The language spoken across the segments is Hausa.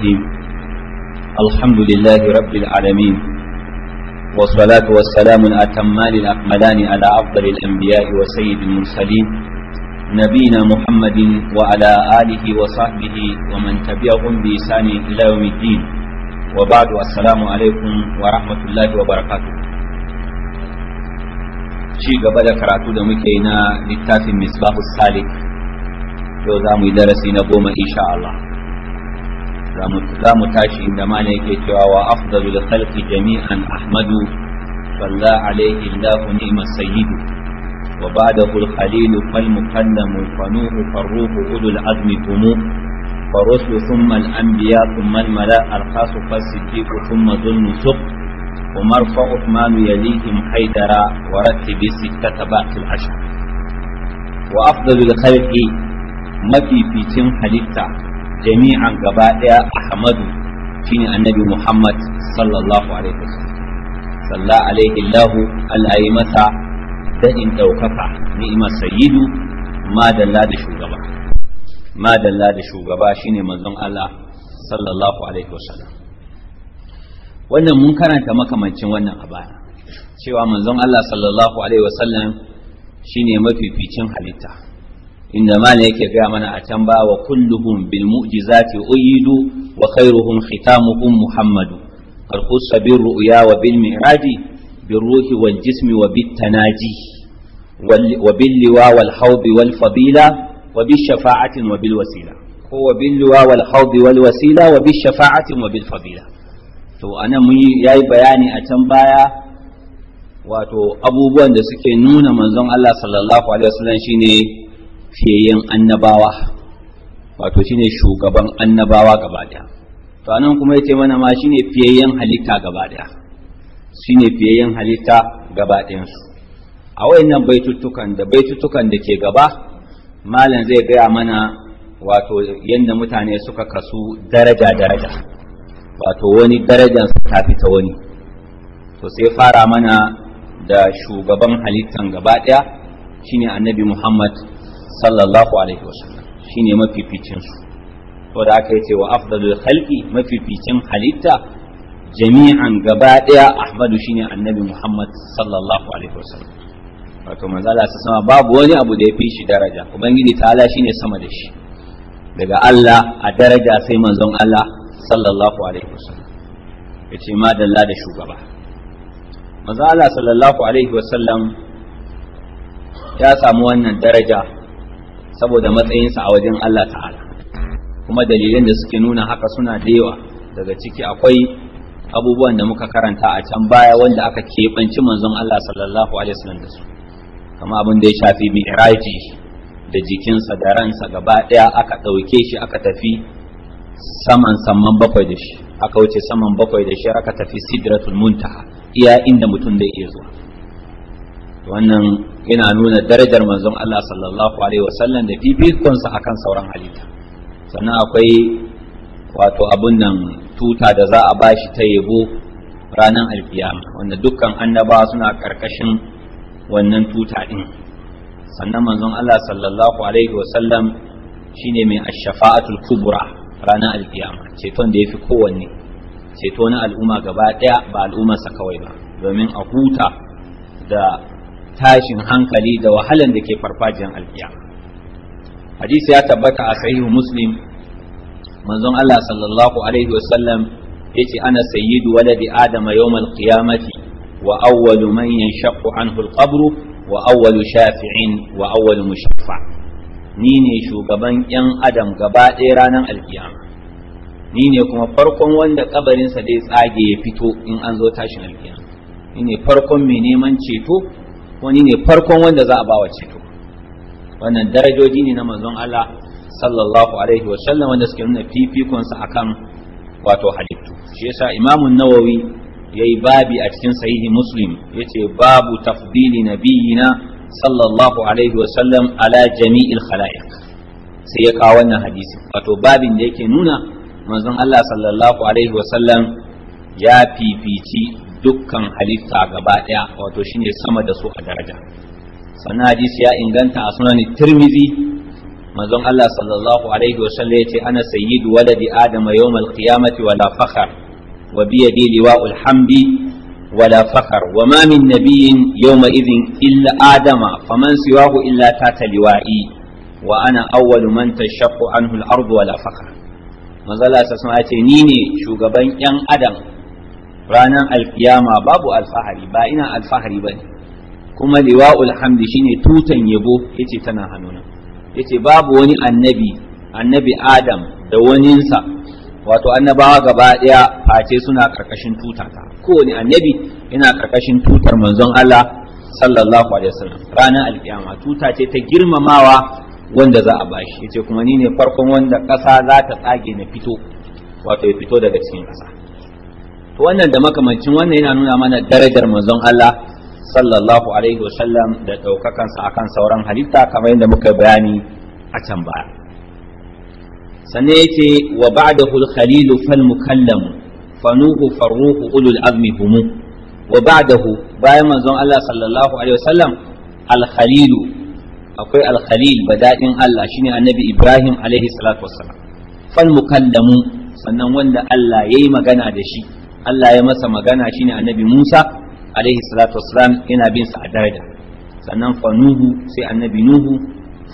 الرجيم الحمد لله رب العالمين والصلاة والسلام الأتمان الأكملان على أفضل الأنبياء وسيد المرسلين نبينا محمد وعلى آله وصحبه ومن تبعهم بإحسان إلى يوم الدين وبعد السلام عليكم ورحمة الله وبركاته ci gaba da karatu da muke na littafin misbahu salik yau za mu yi darasi na goma insha Allah za mu tashi inda mana yake cewa wa afdalul khalqi jami'an ahmadu salla alayhi illahu ni'mas sayyidu wa ba'dahu al-khalil fal muqaddamu fanuhu farruhu ulul azmi tumu فرسل ثم الأنبياء ثم الملاء الخاص فالصديق ثم ذو النسق ومرفع عثمان يليهم حيدرا ورتب الستة بعد العشر وأفضل الخلق ما في في حليتا jami'an gaba daya ahmadu shine annabi muhammad sallallahu alaihi wasallam salla alaihi allah allah yi masa dadin daukaka ni'imar sayyidu madalla da shugaba madalla da shugaba shine manzon allah sallallahu alaihi wasallam wannan mun karanta makamancin wannan a baya cewa manzon allah sallallahu alaihi wasallam shine mafificin halitta inda mala yake gaya mana a can ba wa kulluhum bil mu'jizati uyidu wa khairuhum khitamuhum muhammadu qad qussa bir ru'ya wa bil mi'raji bir ruhi wal jismi wa wa wal wa wa bil wasila ko wa wal wasila wa wa bil to anan mun yayi bayani a can baya wato abubuwan da suke nuna manzon Allah sallallahu alaihi wasallam shine fiyayyen annabawa wato shine shugaban annabawa gaba daya to anan kuma yace mana ma shine fiyayyen halitta gaba daya shine fiyayyen halitta gaba dayan su a wayannan baitutukan da baitutukan da ke gaba malam zai gaya mana wato yanda mutane suka kasu daraja daraja wato wani su ta fita wani to sai fara mana da shugaban halittan gaba daya shine annabi Muhammad sallallahu alaihi wa sallam. shine mafificin su to da aka yace wa afdalul khalqi mafificin halitta jami'an gaba daya ahmadu shine annabi muhammad sallallahu alaihi wa sallam. wato manzala sa sama babu wani abu da ya fi shi daraja ubangiji ta'ala shine sama da shi daga Allah a daraja sai manzon Allah sallallahu alaihi wa wasallam yace ma dalla da shugaba manzo Allah sallallahu alaihi wa sallam ya samu wannan daraja saboda matsayinsa a wajen Allah ta'ala kuma dalilan da suke nuna haka suna da yawa daga ciki akwai abubuwan da muka karanta a can baya wanda aka keɓanci manzon Allah sallallahu alaihi wasallam da su kama abin da ya shafi mi'raji da jikinsa da ransa gaba ɗaya aka ɗauke shi aka tafi saman saman bakwai da shi aka wuce saman bakwai da shi aka tafi sidratul muntaha iya inda mutum da iya zuwa wannan yana nuna darajar manzon Allah sallallahu alaihi wasallam da fifikonsa akan sauran halitta sannan akwai wato abun nan tuta da za a bashi ta yabo ranar alfiyama, wanda dukkan annaba suna karkashin wannan tuta din sannan manzon Allah sallallahu alaihi wasallam shine mai ash-shafa'atul kubra ranar alkiyama ceton da yafi kowanne ceto na al'umma gaba daya ba al'ummarsa kawai ba domin a huta da tashin hankali da wahalan da ke farfajiyar alfiya hadisi ya tabbata a sahihu muslim manzon Allah sallallahu alaihi wasallam ce ana sayyidu waladi adama yawmal qiyamati wa awwalu man yanshaqu anhu alqabru wa awwalu shafi'in wa awwalu mushaffa ni ne shugaban yan adam gaba ɗaya ranar alkiyama ni ne kuma farkon wanda kabarinsa dai tsage ya fito in an zo tashin alkiyama ni ne farkon mai neman ceto wani ne farkon wanda za a bawa ceto wannan darajoji ne na manzon Allah sallallahu alaihi wa sallam wanda suke nuna fifikon sa akan wato halittu shi yasa Imam Nawawi yayi babi a cikin sahihi Muslim yace babu tafdili nabiyina sallallahu alaihi wa sallam ala jami'il khalaiq sai ya kawo wannan hadisi wato babin da yake nuna manzon Allah sallallahu alaihi wa sallam ya fifici dukkan halitta gaba daya wato shine sama da su a daraja sannan hadisi ya inganta a sunan tirmizi manzon Allah sallallahu alaihi wasallam yace ana sayyidu waladi adam yawmal qiyamati wala fakhar wa bi yadi liwa'ul hamdi wala fakhar wa ma min nabiyyin yawma idhin illa adama faman siwahu illa tata liwa'i wa ana awwalu man tashaqqu anhu al-ardu wala fakhar manzon Allah sallallahu alaihi wasallam yace ni ne shugaban yan adam ranar alkiyama babu alfahari ba ina alfahari ba ne kuma liwa'ul hamdi shine tutan yabo yace tana hannuna yace babu wani annabi annabi adam da waninsa wato annabawa gaba daya face suna karkashin tutar ta kowane annabi yana karkashin tutar manzon Allah sallallahu alaihi wasallam ranar alkiyama tuta ce ta girmamawa wanda za a bashi yace kuma ni ne farkon wanda ƙasa za ta tsage na fito wato ya fito daga cikin ƙasa wannan da makamancin wannan yana nuna mana darajar manzon Allah sallallahu alaihi wasallam da ɗaukakansa akan sauran halitta kamar yadda muka bayani a can baya sannan yace wa ba'dahu al-khalil fal mukallam fanuhu farruhu ulul azmi humu wa ba'dahu bayan manzon Allah sallallahu alaihi wasallam al-khalil akwai al-khalil bada'in Allah shine annabi Ibrahim alaihi salatu wassalam fal mukallamu sannan wanda Allah yayi magana da shi Allah ya masa magana shine annabi Musa alaihi salatu wassalam yana bin sa a daraja sannan fanuhu sai annabi Nuhu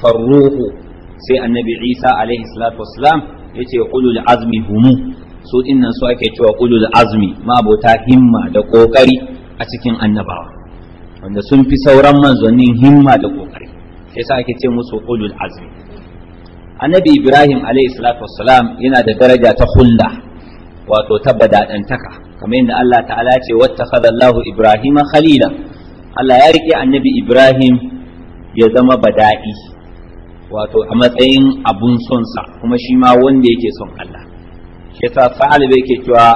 farruhu sai annabi Isa alaihi salatu wassalam yace li azmi humu su dinnan su ake cewa li azmi mabota himma da kokari a cikin annabawa wanda sun fi sauran manzonin himma da kokari sai sa ake ce musu li azmi annabi ibrahim alayhi salatu wassalam yana da daraja ta khulda wato tabbada dantaka kamar yadda Allah ta'ala ce wattakhadha Allahu Ibrahima khalila Allah ya rike annabi Ibrahim ya zama bada'i wato a matsayin abun son sa kuma shi ma wanda yake son Allah shi ta fa'al bai yake cewa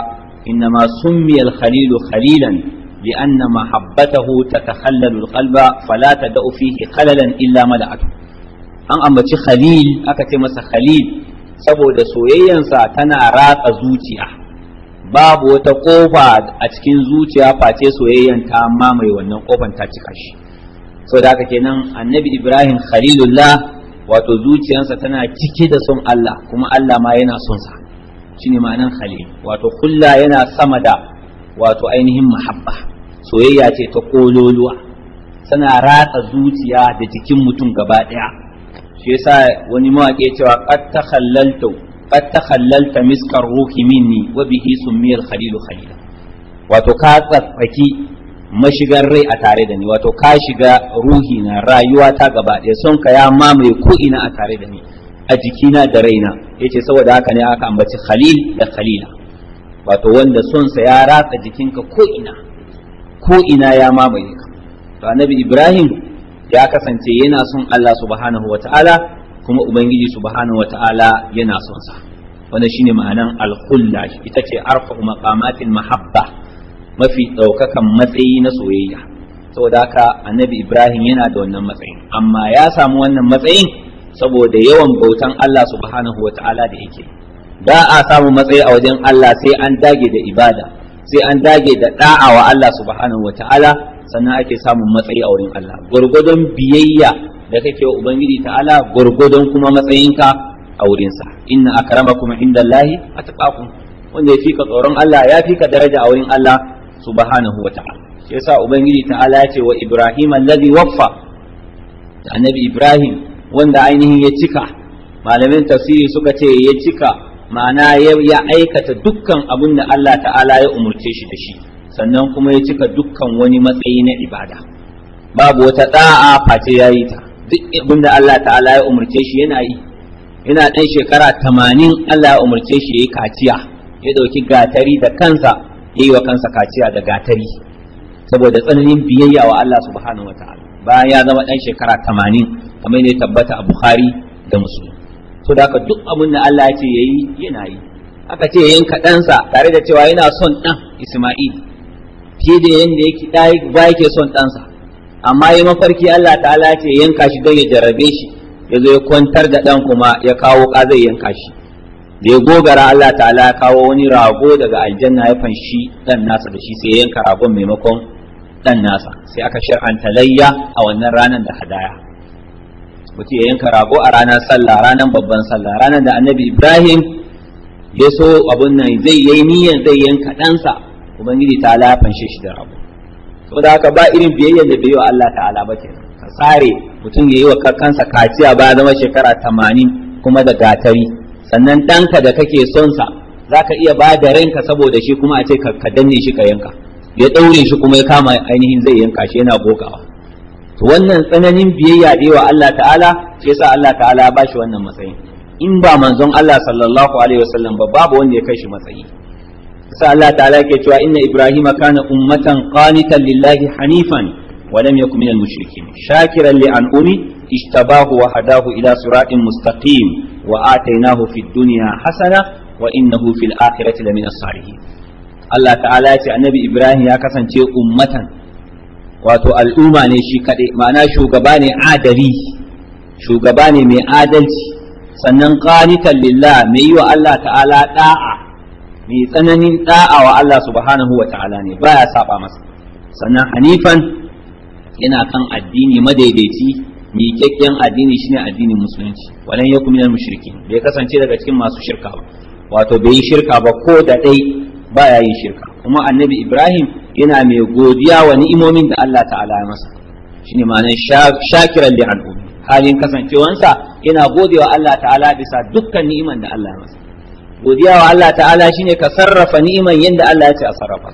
innama summiyal khalilu khalilan لأن محبته تتخلل القلب fala تدأ فيه خللا illa ملأته an ambaci khalil aka ce masa khalil saboda soyayyansa tana ratsa zuciya babu wata kofa a cikin zuciya face soyayyan ta mai wannan kofan ta cika shi so da haka kenan annabi ibrahim khalilullah wato zuciyansa tana cike da son Allah kuma Allah ma yana son sa shine ma'anan khalil wato kulla yana sama da wato ainihin mahabba soyayya ce ta kololuwa tana ratsa zuciya da jikin mutum gaba daya shi yasa wani mawaƙi cewa qad takhallaltu qad takhallalta miskar ruhi minni wa bihi summiya al-khalilu khalila wato ka tsatsaki mashigar rai a tare da ni wato ka shiga ruhi na rayuwa ta gaba ɗaya son ka ya mamaye ko ina a tare da ni a jikina da raina yace saboda haka ne aka ambaci khalil da khalila wato wanda son sa ya ratsa jikinka ko ina ko ina ya mamaye ka to annabi ibrahim ya kasance yana son Allah subhanahu wataala kuma ubangiji subhanahu wataala yana son sa wanda shine ma'anan al-khulla ita ce arfa maqamatil mahabba mafi daukakan matsayi na soyayya saboda haka annabi ibrahim yana da wannan matsayin amma ya samu wannan matsayin saboda yawan bautan Allah subhanahu wataala da yake ba a samu matsayi a wajen Allah sai an dage da ibada sai an dage da da'a wa Allah subhanahu wataala sannan ake samun matsayi a wurin Allah gwargwadon biyayya da kake wa ubangiji ta'ala gurgudun kuma matsayinka a wurinsa inna akramakum indallahi atqakum wanda ya fika tsoron Allah ya fika daraja a wurin Allah subhanahu wata'ala shi yasa ubangiji ta'ala ya ce wa ibrahim allazi waffa annabi ibrahim wanda ainihin ya cika malamin tafsiri suka ce ya cika ma'ana ya aikata dukkan abin da Allah ta'ala ya umurce shi da shi sannan kuma ya cika dukkan wani matsayi na ibada babu wata da'a face yayi ta duk abin da Allah ta'ala ya umarce shi yana yi yana ɗan shekara tamanin Allah ya umarce shi ya yi kaciya ya ɗauki gatari da kansa ya yi wa kansa kaciya da gatari saboda tsananin biyayya wa Allah subhanahu wa ta'ala bayan ya zama ɗan shekara tamanin kamar ya tabbata a Bukhari da Muslim to da duk abin da Allah ya ce ya yi yana yi aka ce ya yanka ɗansa tare da cewa yana son ɗan Isma'il fiye da yadda yake ɗaya ba yake son ɗansa amma yi mafarki Allah ta'ala ce yanka shi don ya jarabe shi ya zo ya kwantar da ɗan kuma ya kawo ƙazai yanka shi da ya gogara Allah ta'ala ya kawo wani rago daga aljanna ya fanshi ɗan nasa da shi sai yanka ragon maimakon ɗan nasa sai aka shar'anta layya a wannan ranar da hadaya mutum ya yanka rago a ranar sallah ranar babban sallah ranar da annabi ibrahim ya so abun nan zai yi niyyar zai yanka ɗansa ubangiji ta fanshe shi da rago da haka ba irin biyayyar da bai wa Allah ta'ala ba kenan ka tsare mutum ya yi wa kansa kaciya ba zama shekara tamanin kuma da gatari sannan ɗanka da kake son sa za ka iya ba da ranka saboda shi kuma a ce ka danne shi ka yanka ya ɗaure shi kuma ya kama ainihin zai yanka shi yana bokawa to wannan tsananin biyayya da wa Allah ta'ala shi yasa Allah ta'ala ba shi wannan matsayin in ba manzon Allah sallallahu alaihi wasallam ba babu wanda ya kai shi matsayi sai Allah ta'ala yake cewa inna ibrahima kana ummatan qanitan lillahi hanifan wa lam yakun minal mushrikin shakiran li an'umi ijtabahu wa hadahu ila siratin mustaqim wa atainahu fid dunya hasana wa innahu fil akhirati lamin as-salihin Allah ta'ala ce annabi Ibrahim ya kasance ummatan wato al'umma ne shi kaɗai ma'ana shugaba ne adali shugaba ne mai adalci sannan qanitan lillah mai yi wa Allah ta'ala da'a mai tsananin da'a wa Allah subhanahu wa ta'ala ne baya saba masa sannan hanifan yana kan addini madaidaici mai kyakkyan addini shine addinin musulunci walan yakum minal mushrikin bai kasance daga cikin masu shirka ba wato bai yi shirka ba ko da dai baya yin shirka kuma annabi Ibrahim yana mai godiya wa ni'imomin da Allah ta'ala ya masa shine ma'anar shakiran li halin kasancewansa yana godewa Allah ta'ala bisa dukkan ni'iman da Allah ya masa godiya wa Allah ta'ala shine ka sarrafa ni'iman yanda Allah ya ce a sarrafa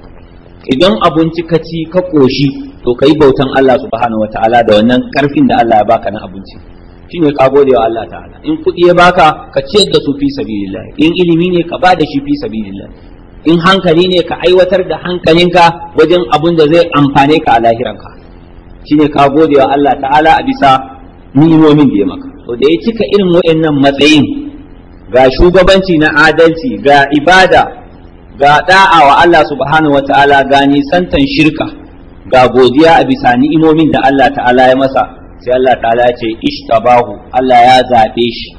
idan abinci ka ci ka koshi to kai bautan Allah subhanahu Ta'ala da wannan karfin da Allah ya baka na abinci shine ka gode wa Allah ta'ala in kudi ya baka ka ciyar da su fi sabilillah in ilimi ne ka ba da shi fi sabilillah in hankali ne ka aiwatar da hankalinka wajen abin da zai amfane ka a lahiranka shine ka gode wa Allah ta'ala a bisa ni'imomin da ya maka to da ya cika irin waɗannan matsayin ga shugabanci na adalci ga ibada ga da'a wa Allah subhanahu wa ta'ala ga nisantan shirka ga godiya a bisa ni'imomin da Allah ta'ala ya masa sai Allah ta'ala ya ce ishtabahu Allah ya zaɓe shi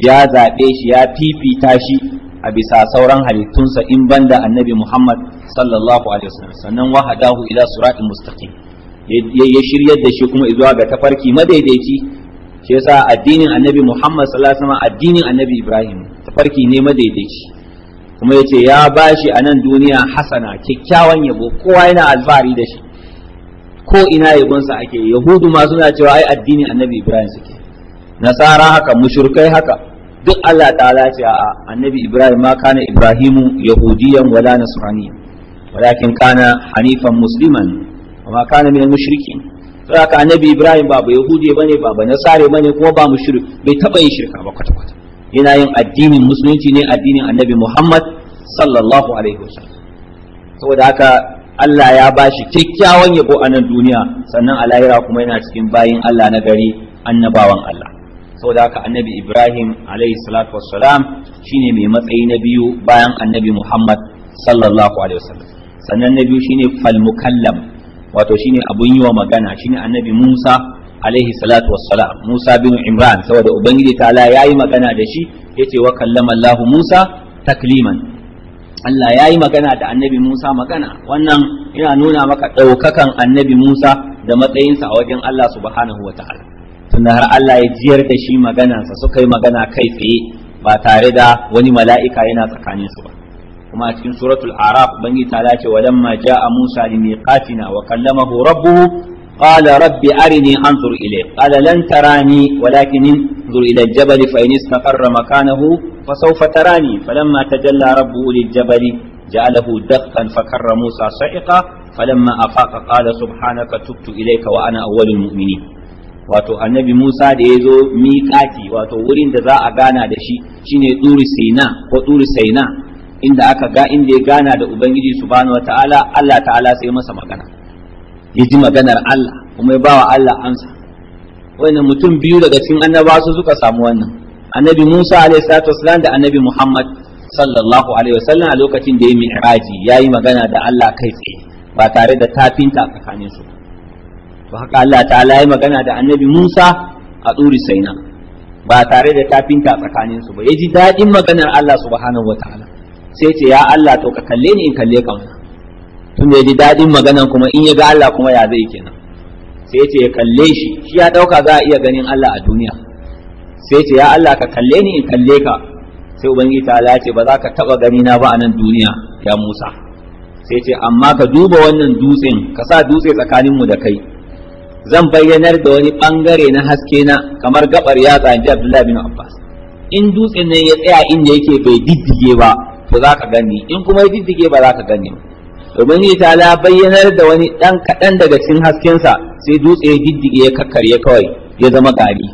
ya zaɓe shi ya fifita shi a bisa sauran halittunsa in banda annabi Muhammad sallallahu alaihi wasallam sannan wahadahu ila siratin mustaqim ya shiryar da shi kuma zuwa ga tafarki madaidaici shi yasa addinin annabi Muhammad sallallahu alaihi wasallam addinin annabi Ibrahim tafarki ne madaidaici kuma yace ya bashi a nan duniya hasana kyakkyawan yabo kowa yana alfahari da shi ko ina yabonsa ake yahudu ma suna cewa ai addinin annabi Ibrahim suke nasara haka mushrikai haka duk Allah ta'ala ce a annabi Ibrahim ma kana Ibrahimu yahudiyan wala nasraniyan walakin kana hanifan musliman wa ma kana minal mushrikin saka annabi ibrahim ba ba yahudi bane ba ba nasare bane kuma ba mushrik bai taba yin shirka ba kwata kwata yana yin addinin musulunci ne addinin annabi muhammad sallallahu alaihi wasallam saboda haka Allah ya ba shi kyakkyawan yabo a nan duniya sannan a lahira kuma yana cikin bayin Allah na gari annabawan Allah saboda haka annabi Ibrahim alaihi salatu wassalam shine mai matsayi na biyu bayan annabi Muhammad sallallahu alaihi wasallam sannan na biyu shine Falmukallam. mukallam wato shine abun yi wa magana shine annabi Musa alaihi salatu wassalam Musa bin Imran saboda ubangiji ta'ala yayi magana da shi yace wa kallama Mallahu Musa takliman Allah yayi magana da annabi Musa magana wannan yana nuna maka daukakan annabi Musa da matsayinsa a wajen Allah subhanahu wataala tunda har Allah ya jiyar da shi magana sa suka yi magana kai tsaye ba tare da wani mala'ika yana tsakaninsu ba kuma a cikin suratul araf bangi ta lace wadan ma ja a musa li miqatina wa kallamahu rabbuhu qala rabbi arini anzur ilay qala lan tarani walakin anzur ila jabali fa in istaqarra Falan fa sawfa tarani falamma tajalla rabbuhu lil ja'alahu dakhan fa karra musa sa'iqa falamma afaqa qala subhanaka tubtu ilayka wa ana awwalul mu'minin wato annabi Musa da ya zo miƙati wato wurin da za a gana da shi shine ɗuri Saina ko ɗuri Saina inda aka ga inda ya gana da ubangiji subhanahu wataala Allah ta'ala sai masa magana ya ji maganar Allah kuma ya bawa Allah amsa wannan mutum biyu daga cikin annaba su suka samu wannan annabi Musa alaihi salatu wasalam da annabi Muhammad sallallahu alaihi wasallam a lokacin da ya mi'raji yayi magana da Allah kai tsaye ba tare da tafinta tsakanin su to haka Allah ta'ala yayi magana da annabi Musa a tsuri Saina ba tare da tafinta tsakanin su ba yaji dadin maganar Allah subhanahu wataala sai ce ya Allah to ka kalle ni in kalle ka tun da ji dadin maganan kuma in ya ga Allah kuma ya zai kenan sai ce ya kalle shi shi ya dauka za a iya ganin Allah a duniya sai ce ya Allah ka kalle ni in kalle ka sai ubangiji ta Allah ce ba za ka taba gani na ba a nan duniya ya Musa sai ce amma ka duba wannan dutsen ka sa dutse tsakanin mu da kai zan bayyanar da wani bangare na haske na kamar gabar yatsa in Abdullahi bin Abbas in dutsen ne ya tsaya inda yake bai diddige ba to za ka gani in kuma ya diddige ba za ka gani domin ita ta bayyanar da wani ɗan kaɗan daga cikin haskensa sai dutse ya diddige ya kakkarye kawai ya zama gari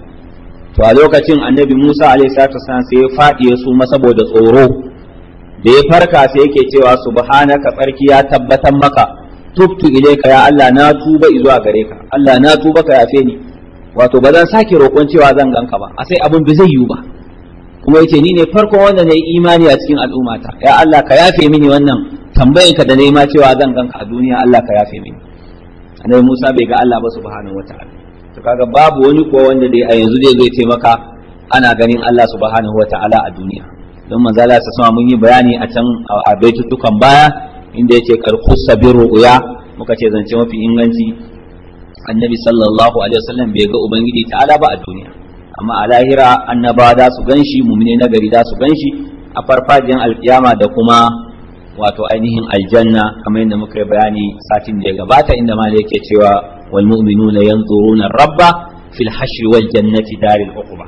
to a lokacin annabi musa alaihi salatu sai ya faɗi ya suma saboda tsoro da ya farka sai yake cewa subhanaka tsarki ya tabbatar maka tubtu ilaika ya Allah na tuba zuwa gare ka Allah na tuba ka yafe ni wato ba zan sake roƙon cewa zan ganka ba a sai abin bai zai yiwu ba kuma yace ni ne farko wanda na yi imani a cikin al'ummata ya Allah ka yafe mini wannan tambayin ka da na yi ma cewa zan ganka a duniya Allah ka yafe mini annabi Musa bai ga Allah ba subhanahu wataala to kaga babu wani ko wanda dai a yanzu dai zai taimaka ana ganin Allah subhanahu wataala a duniya don manzo Allah sama mun yi bayani a can a baitutukan baya inda yake karkusa sabiru uya muka ce zance mafi inganci annabi sallallahu alaihi wasallam bai ga ubangiji ta'ala ba a duniya amma a lahira annaba za su gan shi mumine na gari za su gan shi a farfajiyar alkiyama da kuma wato ainihin aljanna kamar yadda muka yi bayani satin da ya gabata inda mala yake cewa wal mu'minuna yanzuruna rabba fil hashr wal jannati daril uqba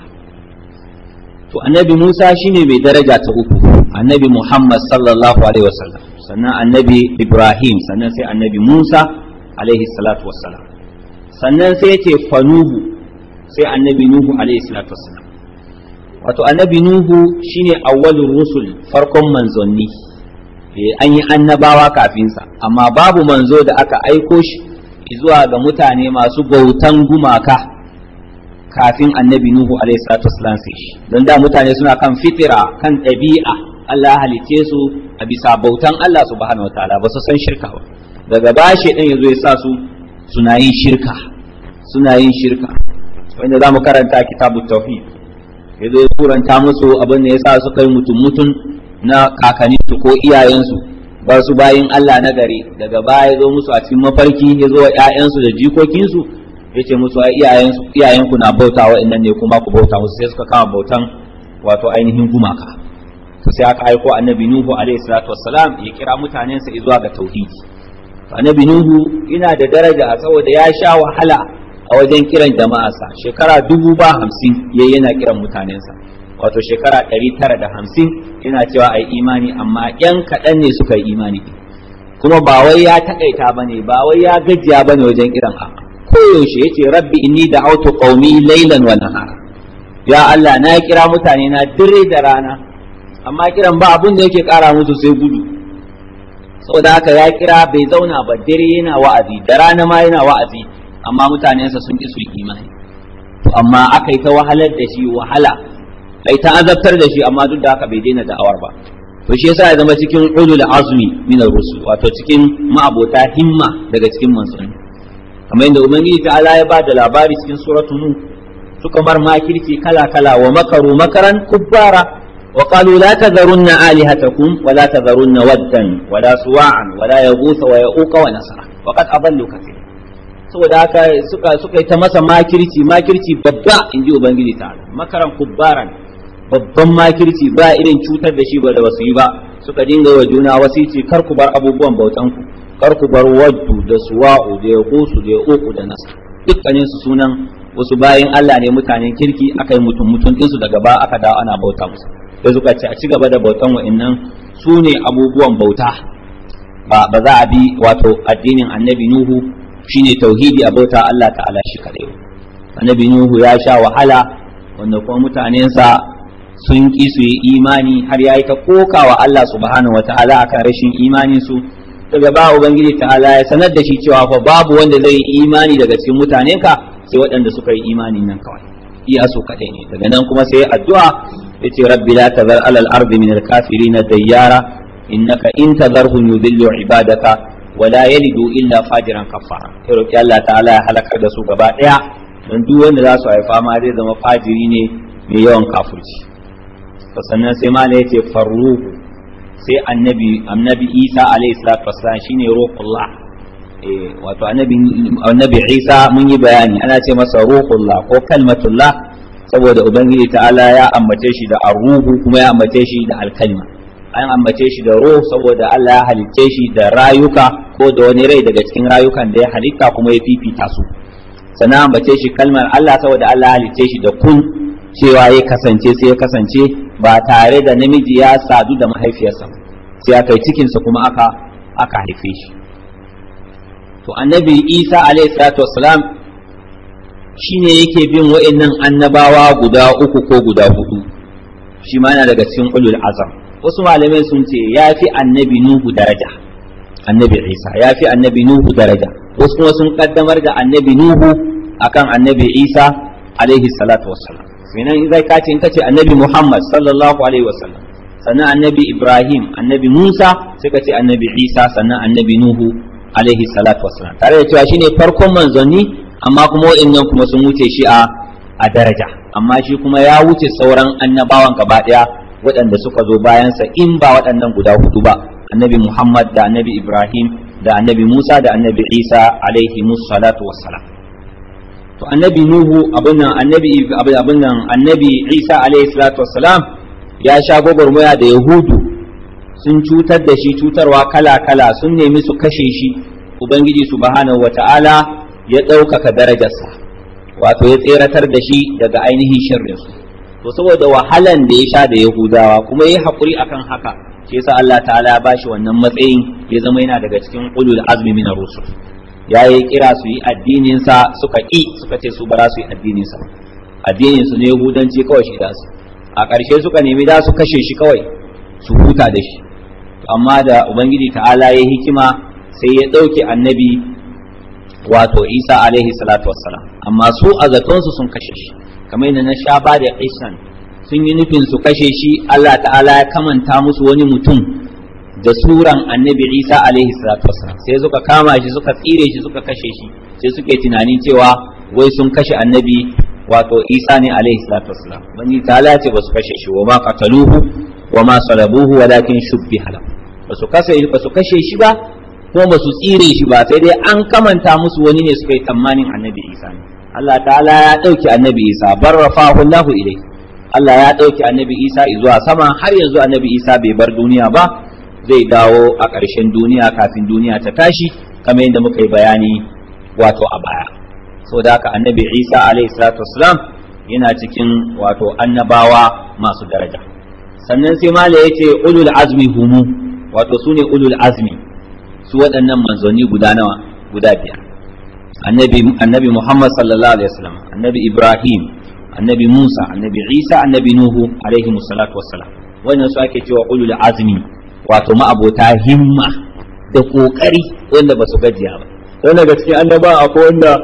to annabi Musa shine mai daraja ta uku annabi Muhammad sallallahu alaihi wasallam sannan annabi Ibrahim sannan sai annabi Musa alaihi salatu wassalam sannan sai yace fanuhu sai annabi nuhu alaihi salatu wassalam wato annabi nuhu shine awwalur rusul farkon manzonni eh, an yi annabawa kafinsa amma babu manzo da aka aiko shi zuwa ga mutane masu bautan gumaka kafin annabi nuhu alaihi salatu wassalam sai shi don da mutane suna kan fitira kan ɗabi'a Allah halice su a bisa bautan Allah subhanahu wataala ba su san shirka ba daga bashi din yazo ya sa su suna yin shirka suna yin shirka wanda za mu karanta kitabu tafi, ya zo suranta musu abin da ya sa suka yi mutum mutum na su ko iyayensu ba su bayin Allah na gari daga baya ya zo musu a cikin mafarki ya zo wa 'ya'yansu da jikokinsu ya ce musu ai iyayenku na bauta wa'annan ne kuma ku bauta musu sai suka kama bautan wato ainihin gumaka to sai aka aiko annabi nuhu alaihi salatu wassalam ya kira mutanensa zuwa ga tauhidi annabi nuhu ina da daraja saboda ya sha wahala a wajen kiran jama'arsa shekara dubu ba hamsin ya yana kiran mutanensa wato shekara ɗari tara da hamsin yana cewa a imani amma yan kaɗan ne suka yi imani kuma ba wai ya taƙaita ba ne ba wai ya gajiya ba ne wajen kiran a koyaushe ya ce rabbi inni da auto ƙaumi lailan wa nahara ya Allah na kira mutane na dire da rana amma kiran ba abun da yake ƙara musu sai gudu saboda haka ya kira bai zauna ba dare yana wa'azi da rana ma yana wa'azi amma mutanensa sun ƙi su imani to amma aka yi ta wahalar da shi wahala ai ta azabtar da shi amma duk da haka bai daina da'awar ba to shi yasa ya zama cikin ulul azmi min ar-rusul wato cikin ma'abota himma daga cikin manzanni kamar yadda ubangiji ta ala ya ba da labari cikin suratu nu suka mar makirci kala kala wa makaru makaran kubbara wa qalu la tadharunna alihatakum wa la tadharunna waddan wa la suwa'an wa la yaghutha wa ya'uqa wa nasra wa adallu kathira saboda haka suka suka yi ta masa makirci makirci babba in ji ubangiji ta makaran kubbaran babban makirci ba irin cutar da shi ba da wasu yi ba suka dinga wa juna wasu ce kar ku bar abubuwan bautan ku kar ku bar waddu da suwa'u da yaqusu da uku da nasa, dukkanin su sunan wasu bayin Allah ne mutanen kirki aka yi mutum mutum din su daga ba aka dawo ana bauta musu da suka ce a ci gaba da bautan wa'annan su ne abubuwan bauta ba za a bi wato addinin annabi nuhu shine tauhidi bauta Allah ta'ala shi kadai annabi nuhu ya sha wahala wanda kuma mutanensa sun ki su yi imani har yayi ta koka wa Allah subhanahu wataala akan rashin imanin su daga ba ubangiji ta'ala ya sanar da shi cewa fa babu wanda zai yi imani daga cikin mutanenka sai waɗanda suka yi imanin nan kawai iya su kadai ne daga nan kuma sai addu'a yace rabbi la tazar alal ardi min al kafirin dayyara innaka in tadharhum yudillu ibadaka wala yalidu illa fajiran kafara ya roki Allah ta'ala ya halakar da su gaba ɗaya. don duk wanda za su haifa ma zai zama fajiri ne mai yawan kafirci to sannan sai ma ya ce farruhu sai annabi annabi Isa alayhi salatu wassalam shine ruhullah eh wato annabi annabi Isa mun yi bayani ana ce masa ruhullah ko kalmatullah saboda ubangiji ta'ala ya ambace shi da arruhu kuma ya ambace shi da alkalma an ambace shi da ruh saboda Allah ya halicce shi da rayuka ko da wani rai daga cikin rayukan da ya halitta kuma ya fifita su sannan ambace shi kalmar Allah saboda Allah halitte shi da kun cewa ya kasance sai ya kasance ba tare da namiji ya sadu da mahaifiyarsa sai aka yi cikinsa kuma aka aka haife shi to annabi Isa alayhi salatu wassalam shine yake bin wa'annan annabawa guda uku ko guda hudu shi ma yana daga cikin ulul azam wasu malamai sun ce ya fi annabi Nuhu daraja annabi isa ya fi annabi nuhu daraja wasu kuma sun kaddamar da annabi nuhu akan annabi isa alaihi salatu wassalam kenan zai kace in kace annabi muhammad sallallahu alaihi wasallam sannan annabi ibrahim annabi musa sai kace annabi isa sannan annabi nuhu alaihi salatu wassalam tare da cewa shine farkon manzanni amma kuma waɗannan kuma sun wuce shi a a daraja amma shi kuma ya wuce sauran annabawan gaba ɗaya waɗanda suka zo bayansa in ba waɗannan guda hudu ba annabi muhammad da annabi ibrahim da annabi musa da annabi isa alaihi musallatu wassalam to annabi nuhu abin nan annabi abin annabi isa alaihi salatu wassalam ya sha gwagwarmaya da yahudu sun cutar da shi cutarwa kala kala sun nemi su kashe shi ubangiji subhanahu wata'ala ya ɗaukaka darajarsa wato ya tseratar da shi daga ainihin su to saboda wahalan da ya sha da yahudawa kuma ya yi haƙuri akan haka shi yasa Allah ta'ala ya bashi wannan matsayin ya zama yana daga cikin da azmi min rusul ya yi kira su yi addinin sa suka ki suka ce su bara su yi addinin sa addinin su ne yahudanci kawai shi da su a ƙarshe suka nemi da su kashe shi kawai su huta da shi amma da ubangiji ta'ala ya hikima sai ya dauke annabi wato isa alaihi salatu wassalam amma su a zatonsu sun kashe shi kamar yadda na sha ba da isan sun yi nufin su kashe shi Allah ta'ala ya kamanta musu wani mutum da suran annabi Isa alaihi salatu wasalam sai suka kama shi suka tsire shi suka kashe shi sai suke tunanin cewa wai sun kashe annabi wato Isa ne alaihi salatu wasalam bani ta'ala ce ba su kashe shi wa ma qataluhu wa ma salabuhu walakin shubbiha lahu ba su kashe ba su kashe shi ba ko ba su tsire shi ba sai dai an kamanta musu wani ne suka yi tsammanin annabi Isa ne Allah ta'ala ya dauki annabi Isa barrafahu Allahu ilayhi Allah ya ɗauki annabi Isa zuwa sama har yanzu annabi Isa bai bar duniya ba zai dawo a ƙarshen duniya kafin duniya ta tashi kamar yadda muka yi bayani wato a baya saboda haka annabi Isa alaihi yana cikin wato annabawa masu daraja sannan sai mala ce ulul azmi humu wato sune ulul azmi su waɗannan manzanni guda nawa guda biyar annabi Muhammad sallallahu alaihi wasallam annabi Ibrahim annabi Musa annabi Isa annabi Nuhu alaihi musallatu wassalam wannan su ake cewa ulul azmi wato ma'abota himma da kokari wanda ba su gajiya ba don daga cikin annaba akwai wanda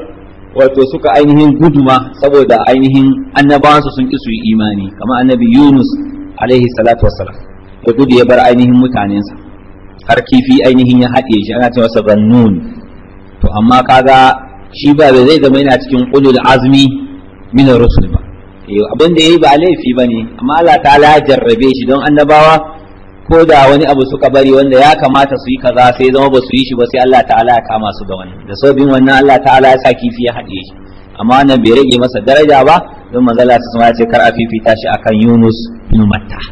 wato suka ainihin guduma saboda ainihin annabawansu sun ki su yi imani kamar annabi Yunus alaihi salatu wassalam da gudu ya bar ainihin mutanensa har kifi ainihin ya haɗe shi ana cewa sabannun to amma kaga shi ba zai zama yana cikin ulul azmi min rusul ba eh, abin da yayi ba laifi bane amma Allah ta'ala ya jarrabe shi don annabawa ko da wani abu suka bari wanda ya kamata su yi kaza sai zama ba su yi shi ba sai Allah ta'ala ya kama su da wani da sabin wannan Allah ta'ala ya sa kifi ya haɗe shi amma wannan bai rage masa daraja ba don manzala ta sama ce kar a fifita shi akan Yunus bin Matta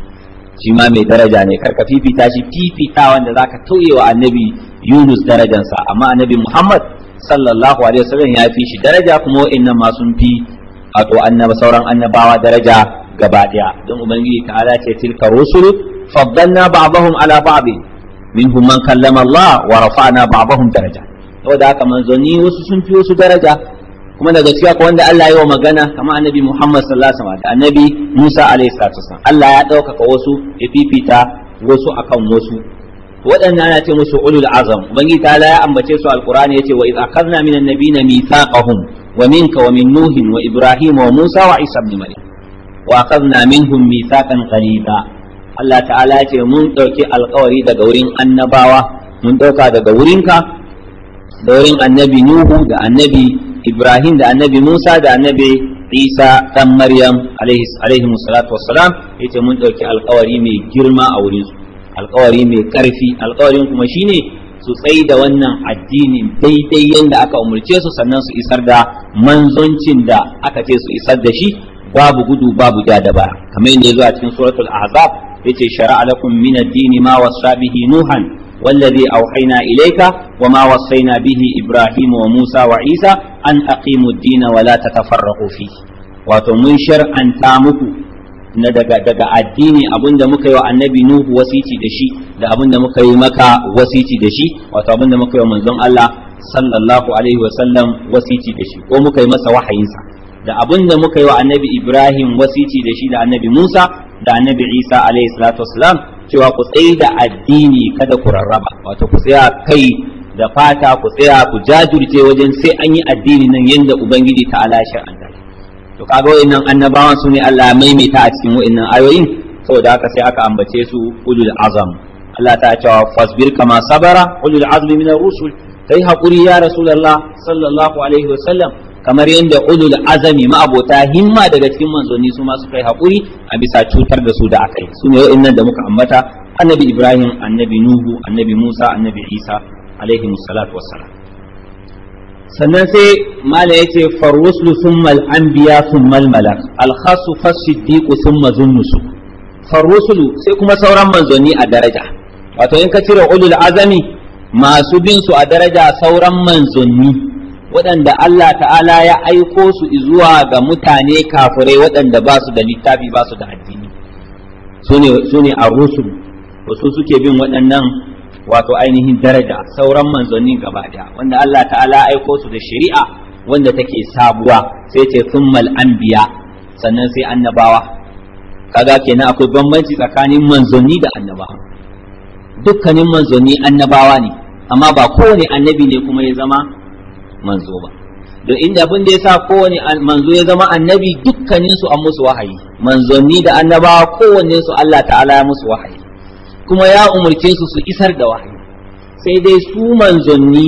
shi ma mai daraja ne kar ka fifita shi fifita wanda zaka tauye wa annabi Yunus darajansa amma annabi Muhammad sallallahu alaihi wasallam ya fi shi daraja kuma wa'annan ma sun fi wato annaba sauran annabawa daraja gaba daya don ubangiji ala ce tilka rusulu faddalna ba'dahum ala ba'd minhum man kallama Allah wa rafa'na ba'dahum daraja saboda haka manzoni wasu sun fi wasu daraja kuma daga gaskiya ko wanda Allah ya yi magana kamar annabi Muhammad sallallahu alaihi wasallam annabi Musa alaihi salatu wasallam Allah ya ɗaukaka wasu ya fifita wasu akan wasu waɗannan ana ce musu ulul azam ubangiji ta ya ambace su alqur'ani yace wa iz akhadna minan nabiyina mithaqahum wa minka wa min nuhin wa ibrahim wa musa wa isa ibn maryam wa akhadna minhum mithaqan qalila Allah ta'ala ce mun ɗauki alkawari daga wurin annabawa mun dauka daga wurinka da wurin annabi nuhu da annabi ibrahim da annabi musa da annabi isa dan maryam alaihi salatu wassalam yace mun ɗauki alkawari mai girma a wurinsu alkawari mai karfi alkawarin kuma shine su tsai da wannan addinin daidai yadda aka umarce su sannan su isar da manzoncin da aka ce su isar da shi babu gudu babu ja da baya kamar yadda ya zo a cikin suratul ahzab yace shara'a lakum min ad-dini ma wasa bihi nuhan والذي أوحينا إليك وما وصينا به إبراهيم وموسى وعيسى أن أقيموا الدين ولا تتفرقوا فيه وتمنشر أن تامكوا na daga daga addini da muka yi wa annabi nuhu wasici da shi da abin da muka yi maka wasici da shi wato abin da muka yi wa manzon Allah sallallahu alaihi wa sallam wasici da shi ko muka yi masa wahayinsa da abin da muka yi wa annabi Ibrahim wasici da shi da annabi Musa da annabi Isa alaihi salatu wassalam cewa ku tsaye da addini kada ku rarraba wato ku tsaya kai da fata ku tsaya ku jajirce wajen sai an yi addini nan yadda ubangiji ta ala shar'an to kaga wayannan annabawan su ne Allah maimaita a cikin wayannan ayoyin saboda haka sai aka ambace su ulul azam Allah ta cewa fasbir kama sabara ulul azmi ar rusul kai hakuri ya rasulullah sallallahu alaihi wasallam kamar yadda ulul azami ma'abota himma daga cikin manzoni su ma su kai haƙuri a bisa cutar da su da akai yi su ne da muka ambata annabi ibrahim annabi nuhu annabi musa annabi isa alaihi salatu wassalam sannan sai mala ya ce sun al-anbiya thumma al-malak al-khassu fas sai kuma sauran manzoni a daraja wato in ka cire ulul azami masu bin su a daraja sauran manzanni waɗanda Allah ta'ala ya aiko su zuwa ga mutane kafirai waɗanda ba su da littafi ba su da addini su ne a rusul wasu suke bin waɗannan wato ainihin daraja sauran manzannin gaba daya wanda Allah ta'ala aiko su da shari'a wanda take sabuwa sai ce summal anbiya sannan sai annabawa kaga kenan akwai bambanci tsakanin manzanni da annabawa dukkanin manzanni annabawa ne amma ba kowane annabi ne kuma ya zama manzo ba don inda abin da ya sa kowane manzo ya zama annabi dukkanin su an musu wahayi manzanni da annabawa kowanne su Allah ta'ala ya musu wahayi kuma ya umarce su su isar da wahayi sai dai su manzanni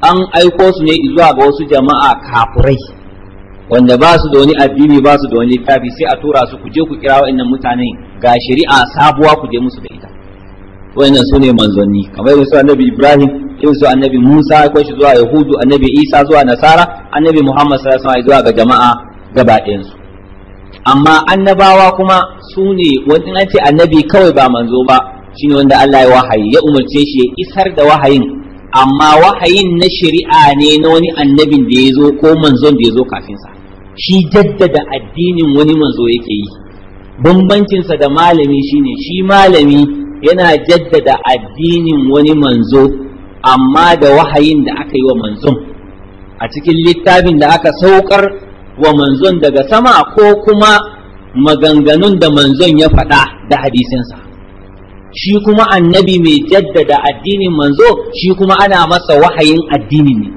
an aiko su ne zuwa ga wasu jama'a kafurai wanda ba su da wani addini ba su da wani littafi sai a tura su ku je ku kira wa'annan mutane ga shari'a sabuwa ku je musu da ita Wannan su ne manzanni kamar irin su annabi ibrahim irin su annabi musa akwai shi zuwa yahudu annabi isa zuwa nasara annabi muhammad sallallahu alaihi wasallam zuwa ga jama'a gaba ɗayansu amma annabawa kuma su ne wani an ce annabi kawai ba manzo ba shine wanda Allah ya wahayi ya umarce shi ya isar da wahayin amma wahayin na shari'a ne na wani annabin da ya zo ko manzon da ya zo kafin sa shi jaddada addinin wani manzo yake yi bambancinsa da malami shine shi malami yana jaddada addinin wani manzo amma da wahayin da aka yi wa manzon a cikin littafin da aka saukar wa manzon daga sama ko kuma maganganun da manzon ya faɗa da hadisinsa shi kuma annabi mai jaddada addinin manzo shi kuma ana masa wahayin addini ne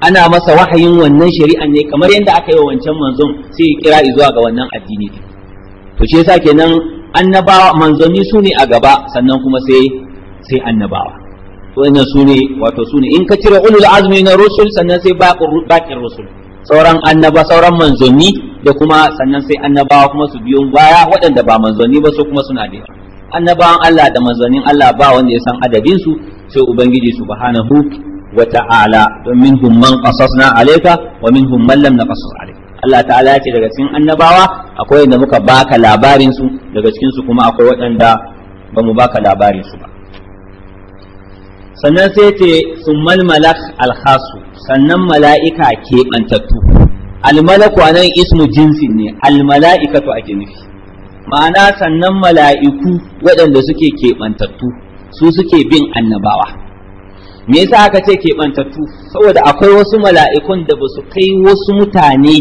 ana masa wahayin wannan shari'an ne kamar yadda aka yi wa wancan manzon sai kira zuwa ga wannan addini ne to shi yasa kenan annabawa manzoni su ne a gaba sannan kuma sai sai annabawa wannan su ne wato su ne in ka cire ulul azmi na rusul sannan sai baqir rusul sauran annaba sauran manzanni da kuma sannan sai annabawa kuma su biyo baya waɗanda ba manzanni ba su kuma suna da yawa annabawan Allah da manzannin Allah ba wanda ya san adadin su sai ubangiji subhanahu wa ta'ala domin man qasasna alayka wa minhum man lam naqasas alayka Allah ta'ala ya ce daga cikin annabawa akwai wanda muka baka labarin su daga cikin su kuma akwai waɗanda ba mu baka labarin su ba sannan sai ce summal malak alhasu sannan mala'ika keɓantattu almalakwanan a nan ismu jinsin ne almala'ikatu ake nufi ma'ana sannan mala'iku waɗanda suke keɓantattu su suke bin annabawa me yasa aka ce keɓantattu saboda akwai wasu mala'ikun da ba su kai wasu mutane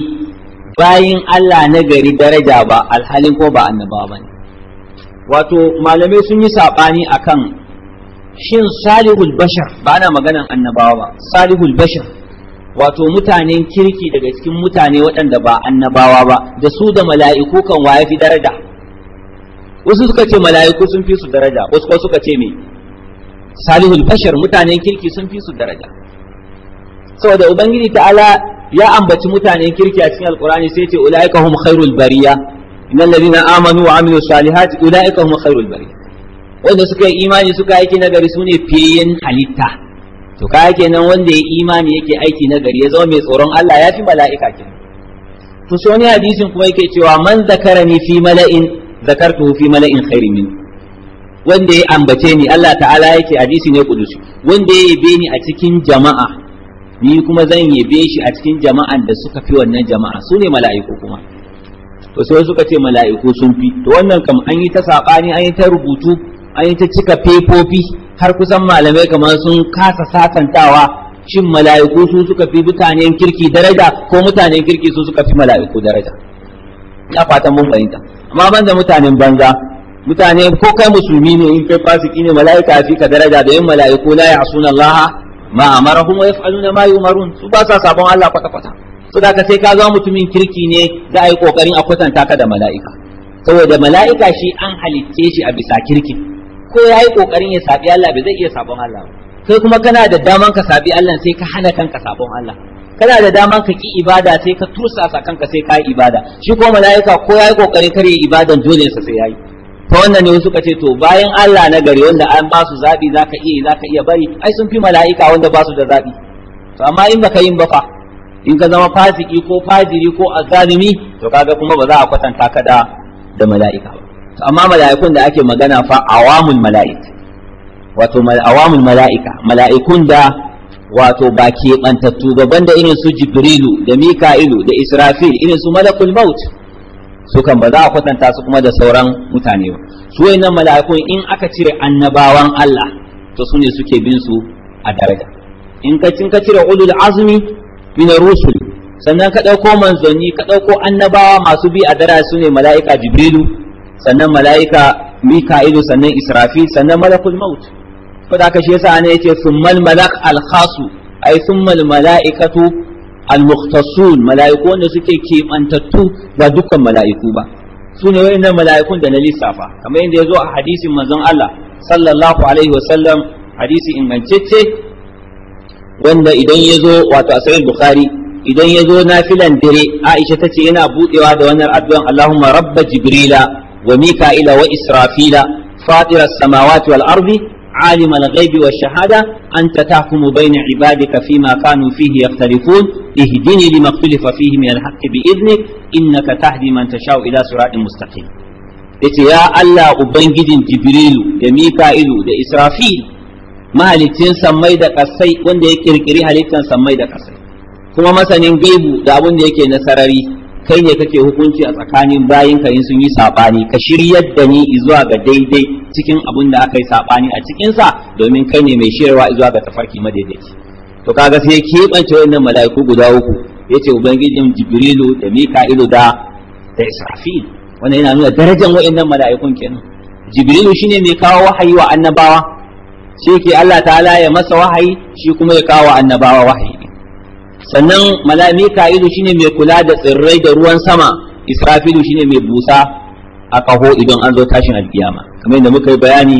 bayin Allah na gari daraja ba alhalin ko ba annabawa ba ne wato malamai sun yi saɓani akan shin salihul bashar ba na maganan annabawa ba salihul bashar wato mutanen kirki daga cikin mutane waɗanda ba annabawa ba da su da mala'iku kan waye fi daraja wasu suka ce mala'iku sun fi su daraja wasu kuma suka ce me salihul bashar mutanen kirki sun fi su daraja saboda ubangiji ta'ala ya ambaci mutanen kirki a cikin alqur'ani sai ce ulaika hum khairul bariya innal ladina amanu wa amilus salihati ulaika hum khairul bariya wanda suka yi imani suka aiki nagari su ne fiyayyen halitta to ka kenan wanda ya imani yake aiki nagari ya zama mai tsoron Allah ya fi mala'ika ke to wani hadisin kuma yake cewa man ni fi mala'in zakartu fi mala'in khairin min wanda ya ambace ni Allah ta'ala yake hadisi ne kudusi wanda ya yabe ni a cikin jama'a ni kuma zan yabe shi a cikin jama'an da suka fi wannan jama'a su ne mala'iku kuma to sai suka ce mala'iku sun fi to wannan kam an yi ta saɓani an yi ta rubutu an yi ta cika fefofi har kusan malamai kamar sun kasa sasantawa shin mala'iku su suka fi mutanen kirki daraja ko mutanen kirki su suka fi mala'iku daraja ya fatan mun fahimta amma da mutanen banza mutane ko kai musulmi ne in kai fasiki ne mala'ika fi ka daraja da yin mala'iku la ya'suna Allah ma amarahum wa yaf'aluna ma yumarun su ba sa sabon Allah kwata kwata so da ka sai ka zama mutumin kirki ne za a yi kokarin a kwatanta ka da mala'ika saboda mala'ika shi an halicce shi a bisa kirkin ko ya yi ƙoƙarin ya saɓi Allah bai zai iya sabon Allah ba sai kuma kana da daman ka saɓi Allah sai ka hana kanka sabon Allah kana da daman ka ki ibada sai ka tursasa kanka sai ka yi ibada shi ko mala'ika ko ya yi ƙoƙarin kare ibadan dole sa sai ya yi ta wannan ne suka ce to bayan Allah na gari wanda an ba su zaɓi za ka iya za iya bari ai sun fi mala'ika wanda ba su da zaɓi to amma in baka yin ba fa in ka zama fasiki ko fajiri ko azalimi to kaga kuma ba za a kwatanta ka da mala'ika ba to amma mala'ikun da ake magana fa awamul mala'ik wato awamul mala'ika mala'ikun da wato ba ke bantattu gaban da irin su jibrilu da mika'ilu da israfil irin su malakul maut su kan ba za a kwatanta su kuma da sauran mutane ba su wayannan mala'ikun in aka cire annabawan Allah to su ne suke bin su a daraja in ka cin ka cire ulul azmi min rusul sannan ka ɗauko manzanni ka ɗauko annabawa masu bi a daraja su ne mala'ika jibrilu sannan mala'ika mika'ilu sannan israfil sannan malakul maut ko da shi yasa ana yace summal malak al khasu ay summal mala'ikatu al mukhtasun mala'iku wanda suke kebantattu ba dukkan mala'iku ba su ne wayannan mala'ikun da na lissafa kamar yadda yazo a hadisin manzon Allah sallallahu alaihi wasallam hadisi ingantacce wanda idan yazo wato a sahih bukhari idan yazo zo nafilan dare aisha ta ce yana budewa da wannan addu'an allahumma rabba jibrila wa mika'ila wa israfila fatira samawati wal ardi عالم الغيب والشهادة أنت تحكم بين عبادك فيما كانوا فيه يختلفون اهدني لما اختلف فيه من الحق بإذنك إنك تهدي من تشاء إلى صراط مستقيم yace ya Allah ubangijin Jibrilu da Mika'ilu da Israfil mahalicin sammai da kasai wanda ya kirkiri halittan sammai da kasai kuma masanin gaibu da abin yake na sarari kai ne kake hukunci a tsakanin bayin ka in sun yi sabani ka shiryar da ni zuwa ga daidai cikin abin da aka yi sabani a cikinsa, domin kai ne mai shirwa zuwa ga tafarki madaidaici to kaga sai keɓance wannan mala'iku guda uku yace ubangijin jibrilu da mika'ilu da da israfil wannan yana nuna darajar wa'annan mala'ikun kenan jibrilu shine mai kawo wahayi wa annabawa shi ke Allah ta'ala ya masa wahayi shi kuma ya kawo annabawa wahayi sannan malamika ilu shine mai kula da tsirrai da ruwan sama israfilu shine mai busa a kaho idan an zo tashin alkiyama kamar yadda muka yi bayani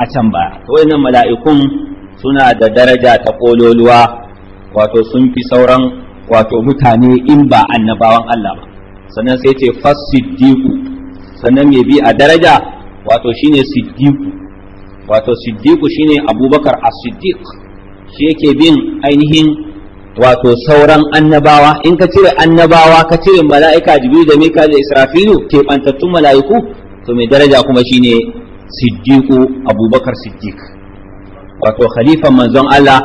a can baya to wayannan mala'ikun suna da daraja ta kololuwa wato sun fi sauran wato mutane in ba annabawan Allah ba sannan sai ce fasiddiqu sannan mai bi a daraja wato shine siddiqu wato siddiqu shine abubakar as-siddiq shi yake bin ainihin wato sauran annabawa in ka cire annabawa ka cire mala'ika jibril da mika da israfilu ke bantattun mala'iku to mai daraja kuma shine siddiqu abubakar siddiq wato khalifan manzon Allah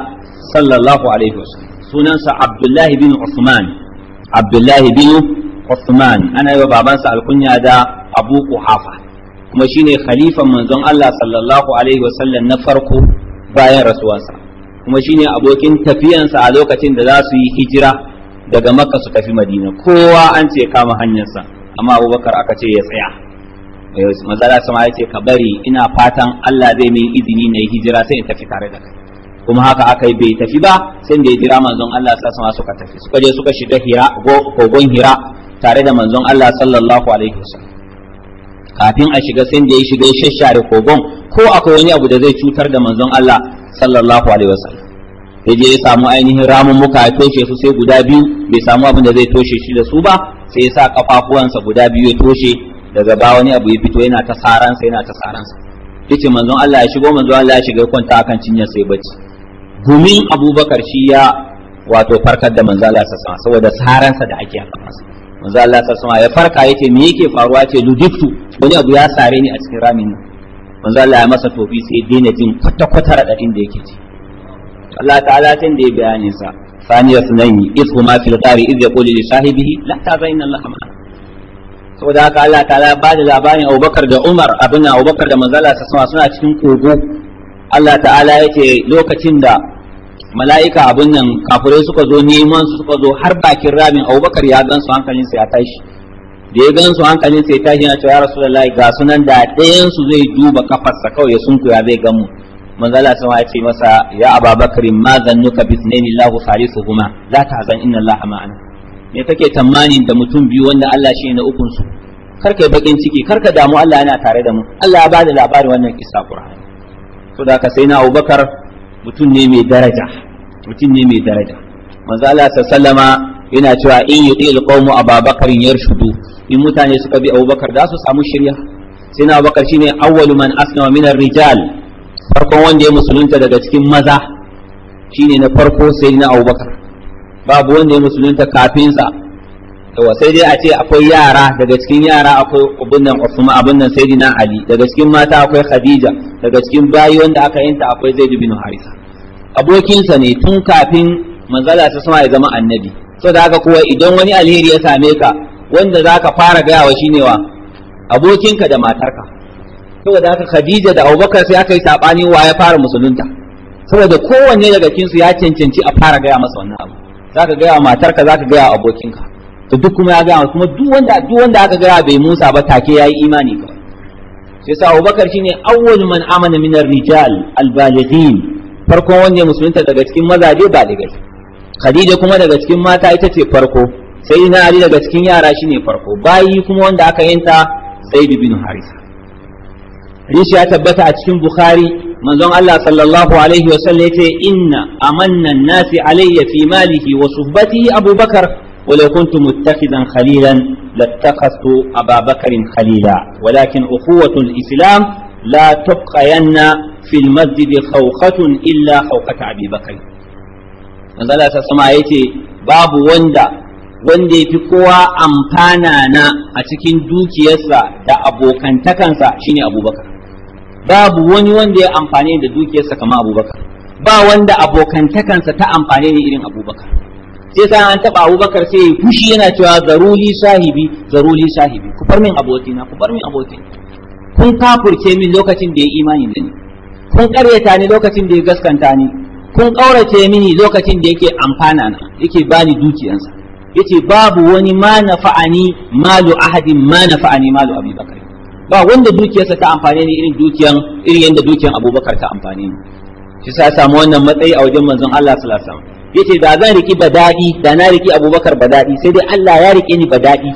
sallallahu alaihi wasallam sunansa abdullahi bin usman abdullahi bin usman ana yi wa babansa alkunya da abu kuhafa kuma shine khalifan manzon Allah sallallahu alaihi wasallam na farko bayan rasuwansa kuma shine abokin tafiyansa a lokacin da za su yi hijira daga makka su tafi madina kowa an ce kama hanyarsa amma abubakar aka ce ya tsaya manzala sama ya ce ka bari ina fatan allah zai mai izini na yi hijira sai in tafi tare da kai kuma haka aka yi bai tafi ba sai da ya jira manzon allah sa sama suka tafi suka je suka shiga hira kogon hira tare da manzon allah sallallahu alaihi wasallam kafin a shiga sai da ya shiga ya shashare kogon ko akwai wani abu da zai cutar da manzon allah sallallahu alaihi wasallam ya je ya samu ainihin ramummuka ya toshe su sai guda biyu bai samu abin da zai toshe shi da su ba sai ya sa kafafuwansa guda biyu ya toshe daga ba wani abu ya fito yana ta saransa yana ta saransa yace manzon Allah ya shigo manzon Allah ya shiga ya kwanta akan cinyar sai bacci gumin Abubakar shi ya wato farkar da manzon Allah sallallahu saboda saransa da ake a kafansa manzon Allah sallallahu ya farka yace me yake faruwa ce ludiftu wani abu ya sare ni a cikin ramin nan manzon Allah ya masa tofi sai ya daina jin kwata-kwata radadin da yake ji Allah ta'ala tun da ya bayanin sa fani sunani iz huma fil qari iz yaqulu li sahibihi la tazaina Allah ma saboda haka Allah ta'ala ba da labarin Abubakar da Umar abin Abubakar da manzala sa suna cikin kogo Allah ta'ala ya ce lokacin da mala'ika abin nan kafirai suka zo neman su suka zo har bakin ramin abubakar ya gan su hankalinsa ya tashi da ya gan su hankalinsa ya tashi yana cewa ya rasu da ga sunan da ɗayansu zai duba kafarsa kawai ya sunku ya zai gamu manzala ya ce masa ya ababakar ma zannuka bi sunaini lahu salisuhuma la tahzan inna allaha ma'ana me kake tamanin da mutum biyu wanda Allah shi na ukun su kar kai bakin ciki kar ka damu Allah yana tare da mu Allah ya bada labarin wannan kisa Qur'ani to da ka sai na Abubakar mutum ne mai daraja mutum ne mai daraja manzala sallama yana cewa in yuqil qawmu ababakar yarshudu in mutane suka bi Abubakar za su samu shirya sai na Abubakar shine awwalu man aslama min rijal farkon wanda ya musulunta daga cikin maza shine na farko sai na abubakar babu wanda ya musulunta kafinsa yawa sai dai a ce akwai yara daga cikin yara akwai abin nan usman abin nan na ali daga cikin mata akwai khadija daga cikin bayi wanda aka yanta akwai zaid bin harisa abokinsa ne tun kafin manzala ta sama ya zama annabi So da haka kuwa idan wani alheri ya same ka wanda zaka fara gaya gayawa shine wa abokinka da matarka saboda haka Khadija da Abubakar sai aka yi sabani wa ya fara musulunta saboda kowanne daga cikin su ya cancanci a fara gaya masa wannan abu zaka gaya matarka zaka gaya abokinka to duk kuma ya gaya kuma duk wanda duk wanda aka gaya bai Musa ba take yayi imani ba sai sa Abubakar shine awwal man amana min ar-rijal al-balighin farkon wanne musulunta daga cikin mazaje baligai Khadija kuma daga cikin mata ita ce farko sai ina Ali daga cikin yara shine farko bayi kuma wanda aka yanta Zaid bin Harisa hadisi ya tabbata a cikin bukhari manzon Allah sallallahu alaihi wa sallam yace inna amanna nasi alayya fi malihi wa suhbatihi abubakar ولو كنت متخذا خليلا لاتخذت أبا khalila walakin ولكن أخوة islam la تبقين في المسجد خوخة إلا illa أبي abubakar manzo Allah ta sama yace babu wanda wanda yafi kowa amfana na a cikin dukiyarsa da abokantakansa shine Abubakar babu wani wanda ya amfani da dukiyarsa kamar abubakar ba wanda abokantakansa ta amfani ne irin abubakar sai sa an taba abubakar sai ya fushi yana cewa zaruli sahibi zaruli sahibi ku bar min abokina, ku bar min abokin. kun kafurce min lokacin da ya imani da ni kun karyata ni lokacin da ya gaskanta ni kun ƙaurace mini lokacin da yake amfana na yake bani dukiyarsa yace babu wani ma nafa'ani malu ahadin ma nafa'ani malu abubakar ba wanda dukiyarsa ta amfani ne irin dukiyan irin yanda dukiyan Abubakar ta amfani ne. shi sa ya samu wannan matsayi a wajen manzon Allah sallallahu alaihi wasallam yace da zan riki badadi da na riki Abubakar badadi sai dai Allah ya rike ni badadi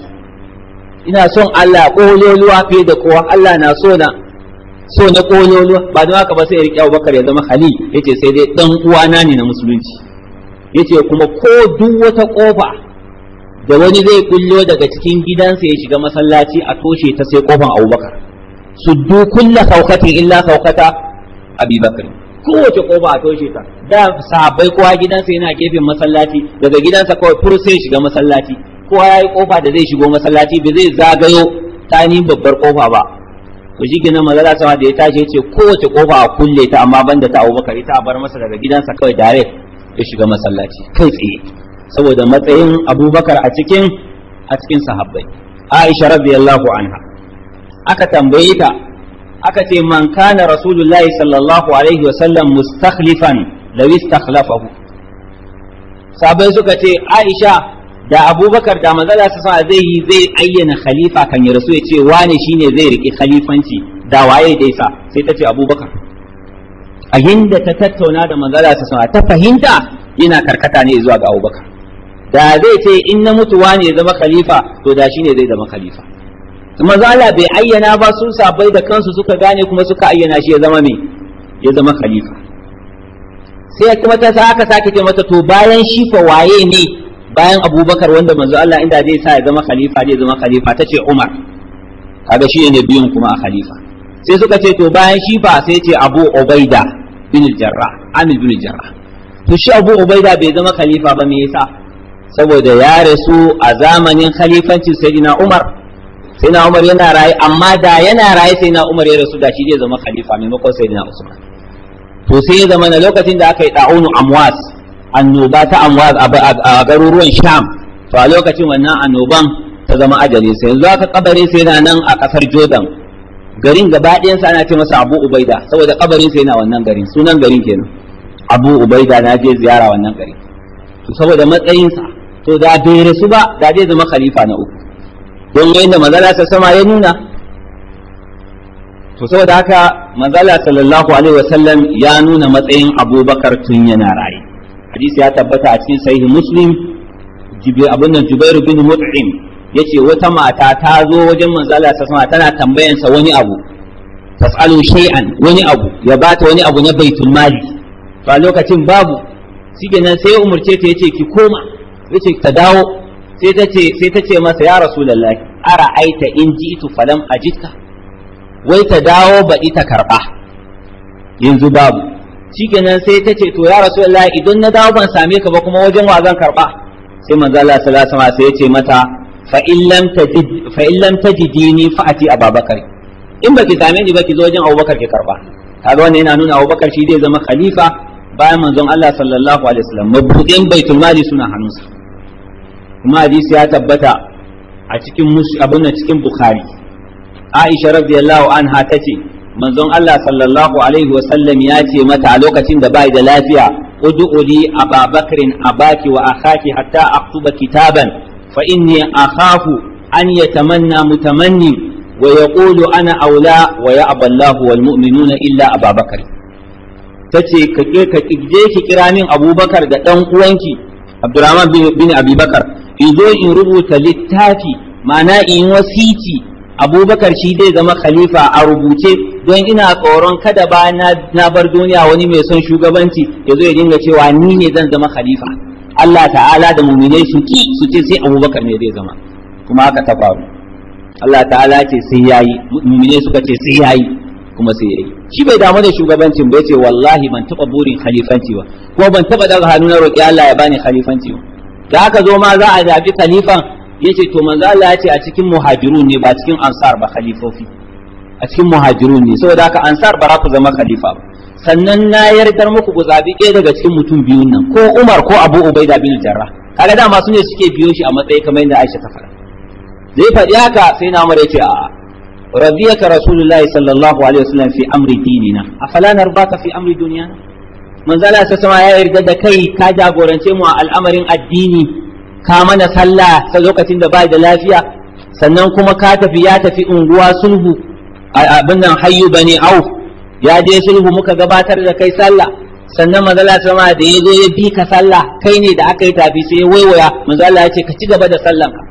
ina son Allah kololuwa fiye da kowa Allah na so na so na kololuwa ba don haka ba sai ya riki Abubakar ya zama Khalil yace sai dai dan uwana ne na musulunci yace kuma ko duk wata kofa da wani zai kullo daga cikin gidansa ya shiga masallaci a toshe ta sai kofan abubakar du kulla saukatin illa saukata abubakar kowace kofa a toshe ta da sabai kowa gidansa yana gefen masallaci daga gidansa kawai fur sai shiga masallaci kowa ya yi kofa da zai shigo masallaci ba zai zagayo tani babbar kofa ba Ku shi gina mazala sama da ya tashi ya ce kowace kofa a kulle ta amma banda ta abubakar ita a bar masa daga gidansa kawai direct ya shiga masallaci kai tsaye saboda matsayin abubakar a cikin a cikin sahabbai aisha radiyallahu anha aka tambaye ta aka ce man kana rasulullahi sallallahu alaihi wa sallam mustakhlifan law istakhlafahu sabai suka ce aisha da abubakar da manzala su sa zai yi zai ayyana khalifa kan ya rasu ya ce wane shine zai riƙe khalifanci da waye dai sa sai ta ce abubakar a yinda ta tattauna da manzala su sa ta fahimta yana karkata ne zuwa ga abubakar da zai ce in na mutuwa ne ya zama khalifa to da shine zai zama khalifa manzo Allah bai ayyana ba su sabai da kansu suka gane kuma suka ayyana shi ya zama me ya zama khalifa sai kuma ta sa aka sake ce mata to bayan shi fa waye ne bayan Abubakar wanda manzo Allah inda zai sa ya zama khalifa zai zama khalifa tace Umar kaga shi ne biyun kuma a khalifa sai suka ce to bayan shi fa sai ce Abu Ubaida bin Jarrah Amir bin Jarrah to shi Abu Ubaida bai zama khalifa ba me yasa saboda ya rasu a zamanin khalifancin sayyidina Umar sayyidina Umar yana raye amma da yana raye sayyidina Umar ya rasu da shi zai zama khalifa maimakon sayyidina Usman to sai ya zama na lokacin da aka yi da'unu amwas annoba ta amwas a garuruwan Sham to a lokacin wannan annoban ta zama ajali sai yanzu aka kabarin sai na nan a kasar Jordan garin gaba ɗayansa ana ce masa Abu Ubaida saboda kabarin sai na wannan garin sunan garin kenan Abu Ubaida na je ziyara wannan garin to saboda matsayinsa to da bai rasu ba da zai zama khalifa na uku don da manzala ta sama ya nuna to saboda haka manzala sallallahu alaihi wasallam ya nuna matsayin abubakar tun yana raye hadisi ya tabbata a cikin sahihi muslim abin nan jubair bin mut'im yace wata mata ta zo wajen manzala ta sama tana tambayansa wani abu tas'alu shay'an wani abu ya bata wani abu na baitul mali to a lokacin babu shi shikenan sai umurce ta yace ki koma yace ta dawo sai ta ce sai ta ce masa ya rasulullahi ara aita in jitu falam ajidka wai ta dawo baɗi ta karɓa yanzu babu shikenan sai ta ce to ya rasulullahi idan na dawo ban same ka ba kuma wajen wa zan karɓa sai manzo Allah sallallahu alaihi sai ya ce mata fa in lam tajid fa in lam tajidini fa ati ababakar in baki same ni ba ki zo wajen Abubakar ki karɓa. kaga wannan yana nuna Abubakar shi zai zama khalifa bayan manzon Allah sallallahu alaihi wasallam mabudin baitul mali suna hannunsa kuma hadisi ya tabbata a cikin abin cikin bukhari aisha radiyallahu anha tace manzon Allah sallallahu alaihi wa sallam ya ce mata a lokacin da bai da lafiya ud'uli ababakrin abaki wa akhaki hatta aktuba kitaban fa inni akhafu an yatamanna mutamanni wa yaqulu ana aula wa ya aballahu wal mu'minuna illa ababakar tace ka ka kije ki kira min abubakar da dan uwanki abdurrahman bin abubakar in zo in rubuta littafi ma'ana in wasiti abubakar shi zai zama khalifa a rubuce don ina tsoron kada ba na bar duniya wani mai son shugabanci ya zo ya dinga cewa ni ne zan zama khalifa Allah ta'ala da muminai su ki su ce sai abubakar ne zai zama kuma haka ta faru Allah ta'ala ce sai yayi muminai suka ce sai yayi kuma sai yayi shi bai damu da shugabancin bai ce wallahi ban taba burin khalifanci ba kuma ban taba daga hannun roƙi Allah ya bani khalifanci ba da aka zo ma za a zabi khalifan yace to manzo Allah ya ce a cikin muhajirun ne ba cikin ansar ba khalifofi a cikin muhajirun ne saboda haka ansar ba za ku zama khalifa ba sannan na yardar muku ku zabi ɗaya daga cikin mutum biyun nan ko Umar ko Abu Ubaida bin Jarrah kaga dama su ne suke biyo shi a matsayi kamar yadda Aisha ta faɗa zai faɗi haka sai na Umar yace a'a radiyaka rasulullahi sallallahu alaihi wasallam fi amri dinina afala narbaka fi amri dunyana manzala ta sama ya yarda da kai ka jagorance mu a al'amarin addini ka mana sallah sa lokacin da bai da lafiya sannan kuma ka tafi ya tafi unguwa sulhu abin nan hayyu bani au ya je sulhu muka gabatar da kai sallah sannan manzala sama da ya zo ya bi ka sallah kai ne da aka yi tafi sai ya waiwaya manzala ya ce ka ci gaba da sallan ka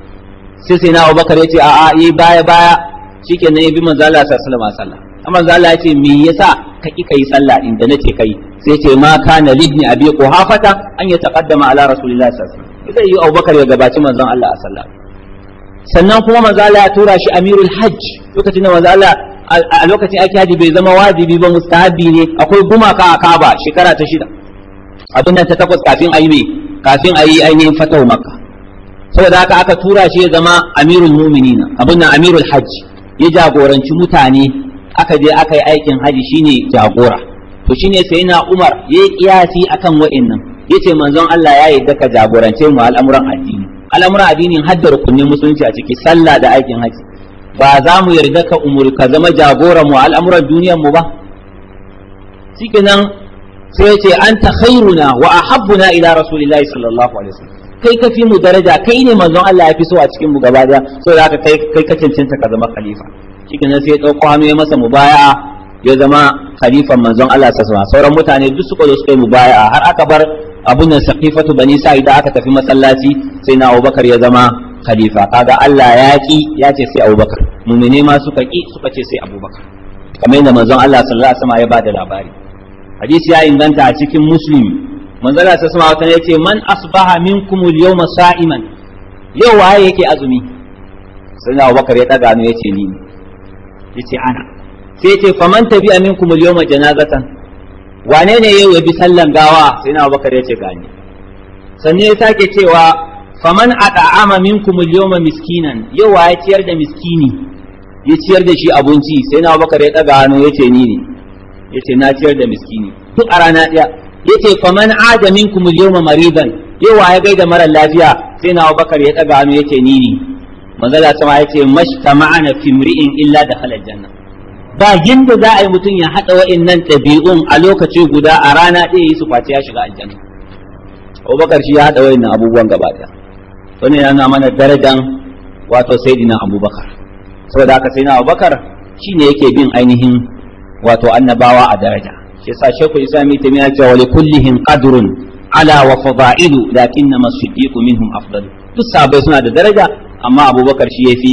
sai sai na Abubakar ya ce a'a yi baya baya shikenan ya bi manzala sa sallama sallah amma manzala ya ce me yasa ka ki kai sallah inda da nace kai sai ce ma kana libni abi quhafata an ya taqaddama ala rasulillahi sallallahu alaihi wasallam sai yi Abubakar ya gabaci manzon Allah sallallahu alaihi sannan kuma manzo Allah ya tura shi amirul hajj lokacin da manzo Allah a lokacin ake haji bai zama wajibi ba mustahabi ne akwai gumaka a kaba shekara ta shida abin nan ta takwas kafin ayi mai kafin ayi ainihin fatahu makka saboda haka aka tura shi ya zama amirul mu'minina abin nan amirul hajj ya jagoranci mutane aka je aka yi aikin haji shine jagora to shine sai na Umar yayi kiyasi akan wa'annan yace manzon Allah ya yarda ka jagorance mu al'amuran addini al'amuran addinin haddar rukunin musulunci a ciki sallah da aikin haji ba za mu yarda ka umuri ka zama jagoran mu al'amuran duniyar mu ba shikenan sai yace anta khairuna wa ahabbuna ila rasulillahi sallallahu alaihi wasallam kai ka fi mu daraja kai ne manzon Allah ya fi so a cikin mu gaba daya saboda haka kai ka cancanta ka zama khalifa cikin sai ya hannu ya masa mubaya'a ya zama khalifan manzon Allah sallallahu alaihi sauran mutane duk suka zo suka yi mubaya'a har aka bar abun nan saqifatu bani sa'id da aka tafi masallaci sai na Abubakar ya zama khalifa kaga Allah ya ki ya ce sai Abubakar mu'mine ma suka ki suka ce sai Abubakar kamar yadda manzon Allah sallallahu alaihi wasallam ya bada labari hadisi ya inganta a cikin muslim manzon Allah sallallahu alaihi wasallam ya ce man asbaha minkum al-yawma sa'iman yau waye yake azumi sai na Abubakar ya daga ne ya ce ni ne yace ana sai yace faman tabi'a minkum al-yawma janazatan wane ne yau ya bi sallan gawa sai na Abubakar yace gani sannan ya sake cewa faman at'ama minkum al-yawma miskinan yau wa ya ciyar da miskini ya ciyar da shi abinci sai na Abubakar ya daga hannu yace ni ne yace na ciyar da miskini duk a rana ɗaya yace faman ada minkum al-yawma maridan yau wa ya gaida mara lafiya sai na Abubakar ya daga hannu yace ni ne manzala sama ya ce mashtama'ana ma'ana fimriin illa da halal janna ba yinda za a yi mutum ya haɗa nan ɗabi'un a lokaci guda a rana ɗaya yi su kwace ya shiga aljanna abubakar shi ya haɗa nan abubuwan gaba ɗaya wani yana mana darajan wato sayyidina abubakar saboda haka sayyidina abubakar shine yake bin ainihin wato annabawa a daraja shi yasa shehu islami ta miya cewa wali kullihim qadrun ala wa fada'ilu lakinna as-siddiq minhum afdal duk sabai suna da daraja amma abubakar shi ya fi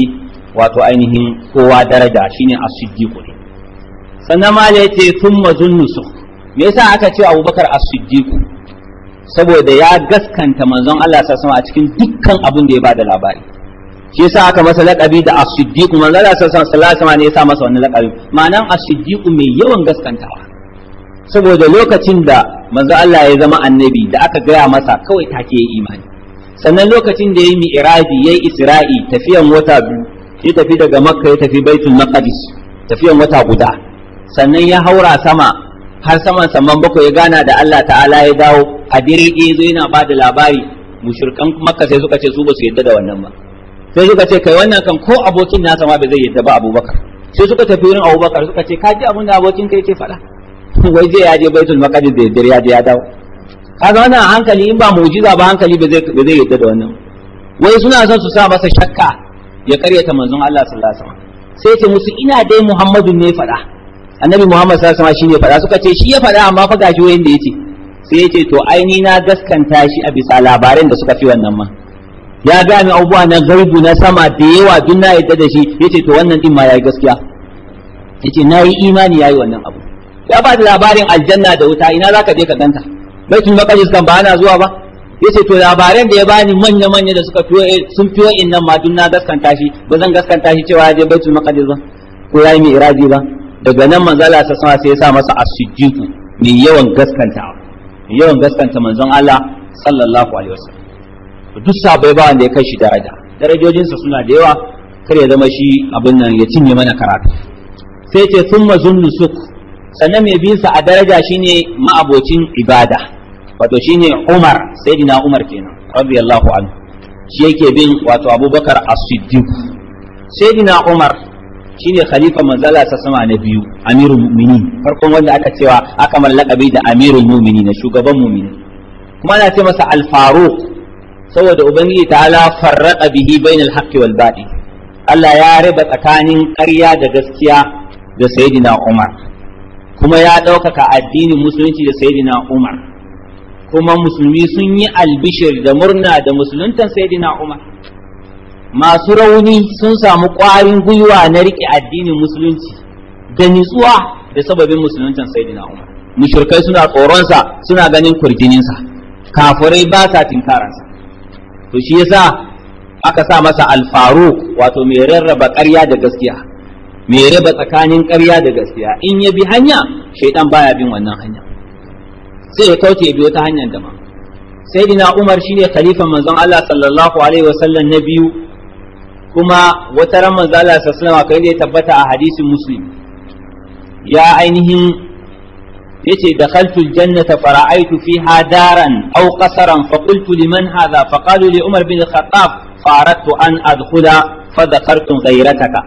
wato ainihin kowa daraja shine a siddiqu ne sannan ma ce yace mazun zunnusu me yasa aka ce abubakar as-siddiqu saboda ya gaskanta manzon Allah sa sama a cikin dukkan abin da ya da labari shi yasa aka masa laƙabi da as-siddiqu manzon Allah sallallahu alaihi wasallam ne ya sa masa wannan laƙabi ma'anan as mai yawan gaskantawa saboda lokacin da manzon Allah ya zama annabi da aka gaya masa kawai take imani sannan lokacin da ya yi mi'irabi ya yi isra'i tafiyan wata biyu ya tafi daga makka ya tafi baitul maqdis tafiyan wata guda sannan ya haura sama har saman saman bakwai ya gana da Allah ta'ala ya dawo a ya zo yana ba da labari mushrikan makka sai suka ce su ba su yadda da wannan ba sai suka ce kai wannan kan ko abokin nasa ma ba zai yadda ba abubakar sai suka tafi wurin abubakar suka ce ka ji abin da abokin kai yake faɗa wai je ya je baitul maqdis da ya ya dawo kaga wannan hankali in ba mu'jiza ba hankali ba zai yadda da wannan wai suna son su sa masa shakka ya karyata manzon Allah sallallahu alaihi wasallam sai ce musu ina dai Muhammadu ne faɗa annabi Muhammad sallallahu alaihi wasallam shine faɗa suka ce shi ya faɗa amma fa gashi wayin da yace sai yace to aini na gaskanta shi a bisa labaran da suka fi wannan ma ya gane abubuwa na gaibu na sama da yawa duk na yadda da shi yace to wannan din ma yayi gaskiya yace nayi imani yayi wannan abu ya ba da labarin aljanna da wuta ina zaka je ka ganta tuni maqdis kan ba ana zuwa ba Ya ce to labaran da ya bani manya manya da suka fiyo sun fiyo nan ma duk na gaskanta shi ba zan gaskanta shi cewa ya je tuni maqdis ba ko yi mai iradi ba daga nan manzala sa sama sai ya sa masa as-siddiq mai yawan gaskanta mai yawan gaskanta manzon Allah sallallahu alaihi wasallam duk sabai ba wanda ya kai shi daraja darajojinsa suna da yawa kar ya zama shi abin nan ya cinye mana karatu sai ce sun mazun nusuk sannan mai bin a daraja shine ma'abocin ibada wato shine Umar sayyidina Umar kenan radiyallahu anhu shi yake bin wato Abubakar As-Siddiq sayyidina Umar shine khalifa manzala ta sama na biyu amirul mu'minin farkon wanda aka cewa aka mallaka bai da amirul mu'minin shugaban mu'minin kuma ana ce masa al-faruq saboda ubangiji ta'ala farraqa bihi bainal haqqi wal Allah ya raba tsakanin ƙarya da gaskiya da sayyidina Umar kuma ya ɗaukaka addinin musulunci da sayyidina Umar kuma musulmi sun yi albishir da murna da musuluntan sayyidina umar masu rauni sun samu ƙwarin gwiwa na riƙe addinin musulunci da nitsuwa da sababin musuluntan sayyidina umar mushrikai suna tsoronsa suna ganin kurjininsa kafirai ba sa tinkaransa to shi yasa aka sa masa alfaru wato mai rarraba ƙarya da gaskiya mai raba tsakanin ƙarya da gaskiya in ya bi hanya shaidan baya bin wannan hanya sai ya kauce biyo ta hanyar da sai dina umar shine khalifan manzon Allah sallallahu alaihi wasallam na biyu kuma wata ran manzon Allah sallallahu alaihi wasallam tabbata a hadisin muslim ya ainihin yace dakhaltu aljannata fara'aytu fiha daran aw qasaran fa qultu liman hadha fa qalu li umar bin al-khattab fa an adkhula fa dhakartu ghayrataka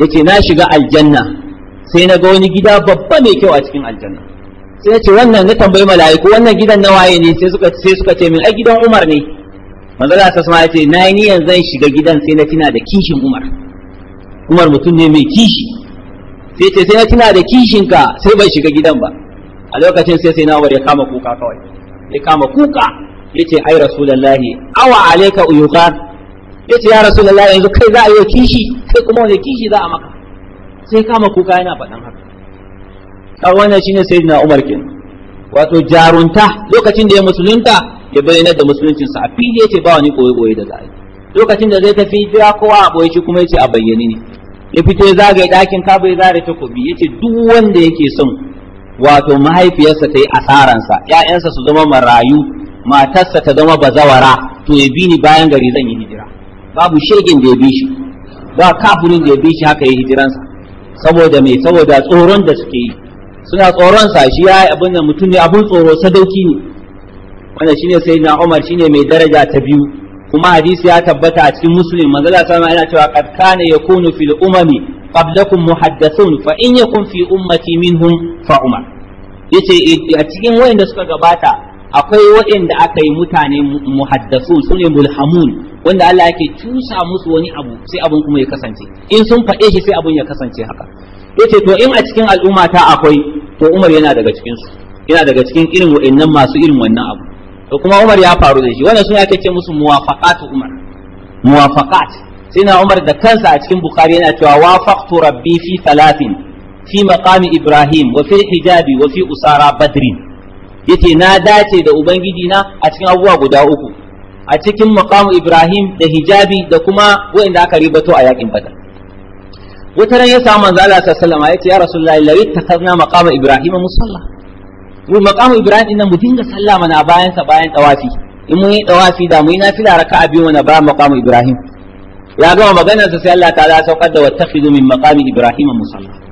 yace na shiga aljanna sai na ga wani gida babba mai kyau a cikin aljanna sai ce wannan na tambayi mala'iku wannan gidan na waye ne sai suka sai suka ce min ai gidan Umar ne manzo Allah sai ya ce na yi yanzu zan shiga gidan sai na tina da kishin Umar Umar mutum ne mai kishi sai ce sai na tina da kishin ka sai bai shiga gidan ba a lokacin sai sai na Umar ya kama kuka kawai ya kama kuka yace ai rasulullahi awa alayka uyuqat yace ya rasulullahi yanzu kai za a yi kishi kai kuma wani kishi za a maka sai kama kuka yana faɗan haka kan wannan ne sayyidina Umar kin wato jarunta lokacin da ya musulunta ya bayyana da musuluncinsa. a fili yace ba wani koyi koyi da zai lokacin da zai tafi jira kowa a boye shi kuma yace a bayyane ne ya fito ya zagaye dakin kaba ya zare takobi yace duk wanda yake son wato mahaifiyarsa ta yi asaransa ƴaƴansa su zama marayu matarsa ta zama bazawara to ya bi ni bayan gari zan yi hijira babu shegin da ya bi shi ba kafirin da ya bi shi haka ya hijiransa saboda me saboda tsoron da suke yi suna tsoron sa shi ya abin nan mutum ne abun tsoro sadauki ne wanda shine sayyidina Umar shine mai daraja ta biyu kuma hadisi ya tabbata a cikin muslim manzala sallallahu alaihi wasallam yana cewa kad yakunu fil umami qablakum muhaddathun fa in yakun fi ummati minhum fa umar yace a cikin wayanda suka gabata akwai waɗanda aka yi mutane muhaddasun su ne mulhamun wanda Allah yake cusa musu wani abu sai abun kuma ya kasance in sun faɗe shi sai abun ya kasance haka yace to in a cikin al'umma ta akwai to Umar yana daga cikin su yana daga cikin irin waɗannan masu irin wannan abu to kuma Umar ya faru da shi wannan suna ake ce musu muwafaqatu Umar muwafaqat sai na Umar da kansa a cikin Bukhari yana cewa wafaqtu rabbi fi thalathin fi maqami Ibrahim wa hijabi wa usara badrin yace na dace da ubangiji na a cikin abubuwa guda uku a cikin maqamu ibrahim da hijabi da kuma wanda aka ribato a yakin badar wata ran ya samu manzo Allah sallallahu alaihi ya rasulullahi lawi takazna maqama ibrahim musalla mu maqamu ibrahim din mu dinga sallah mana bayan sa bayan tawafi in mun yi tawafi da mu yi nafila raka'a biyu mana bayan maqamu ibrahim ya gama maganar sa sai Allah ta'ala saukar da wattakhidhu min maqami ibrahim musalla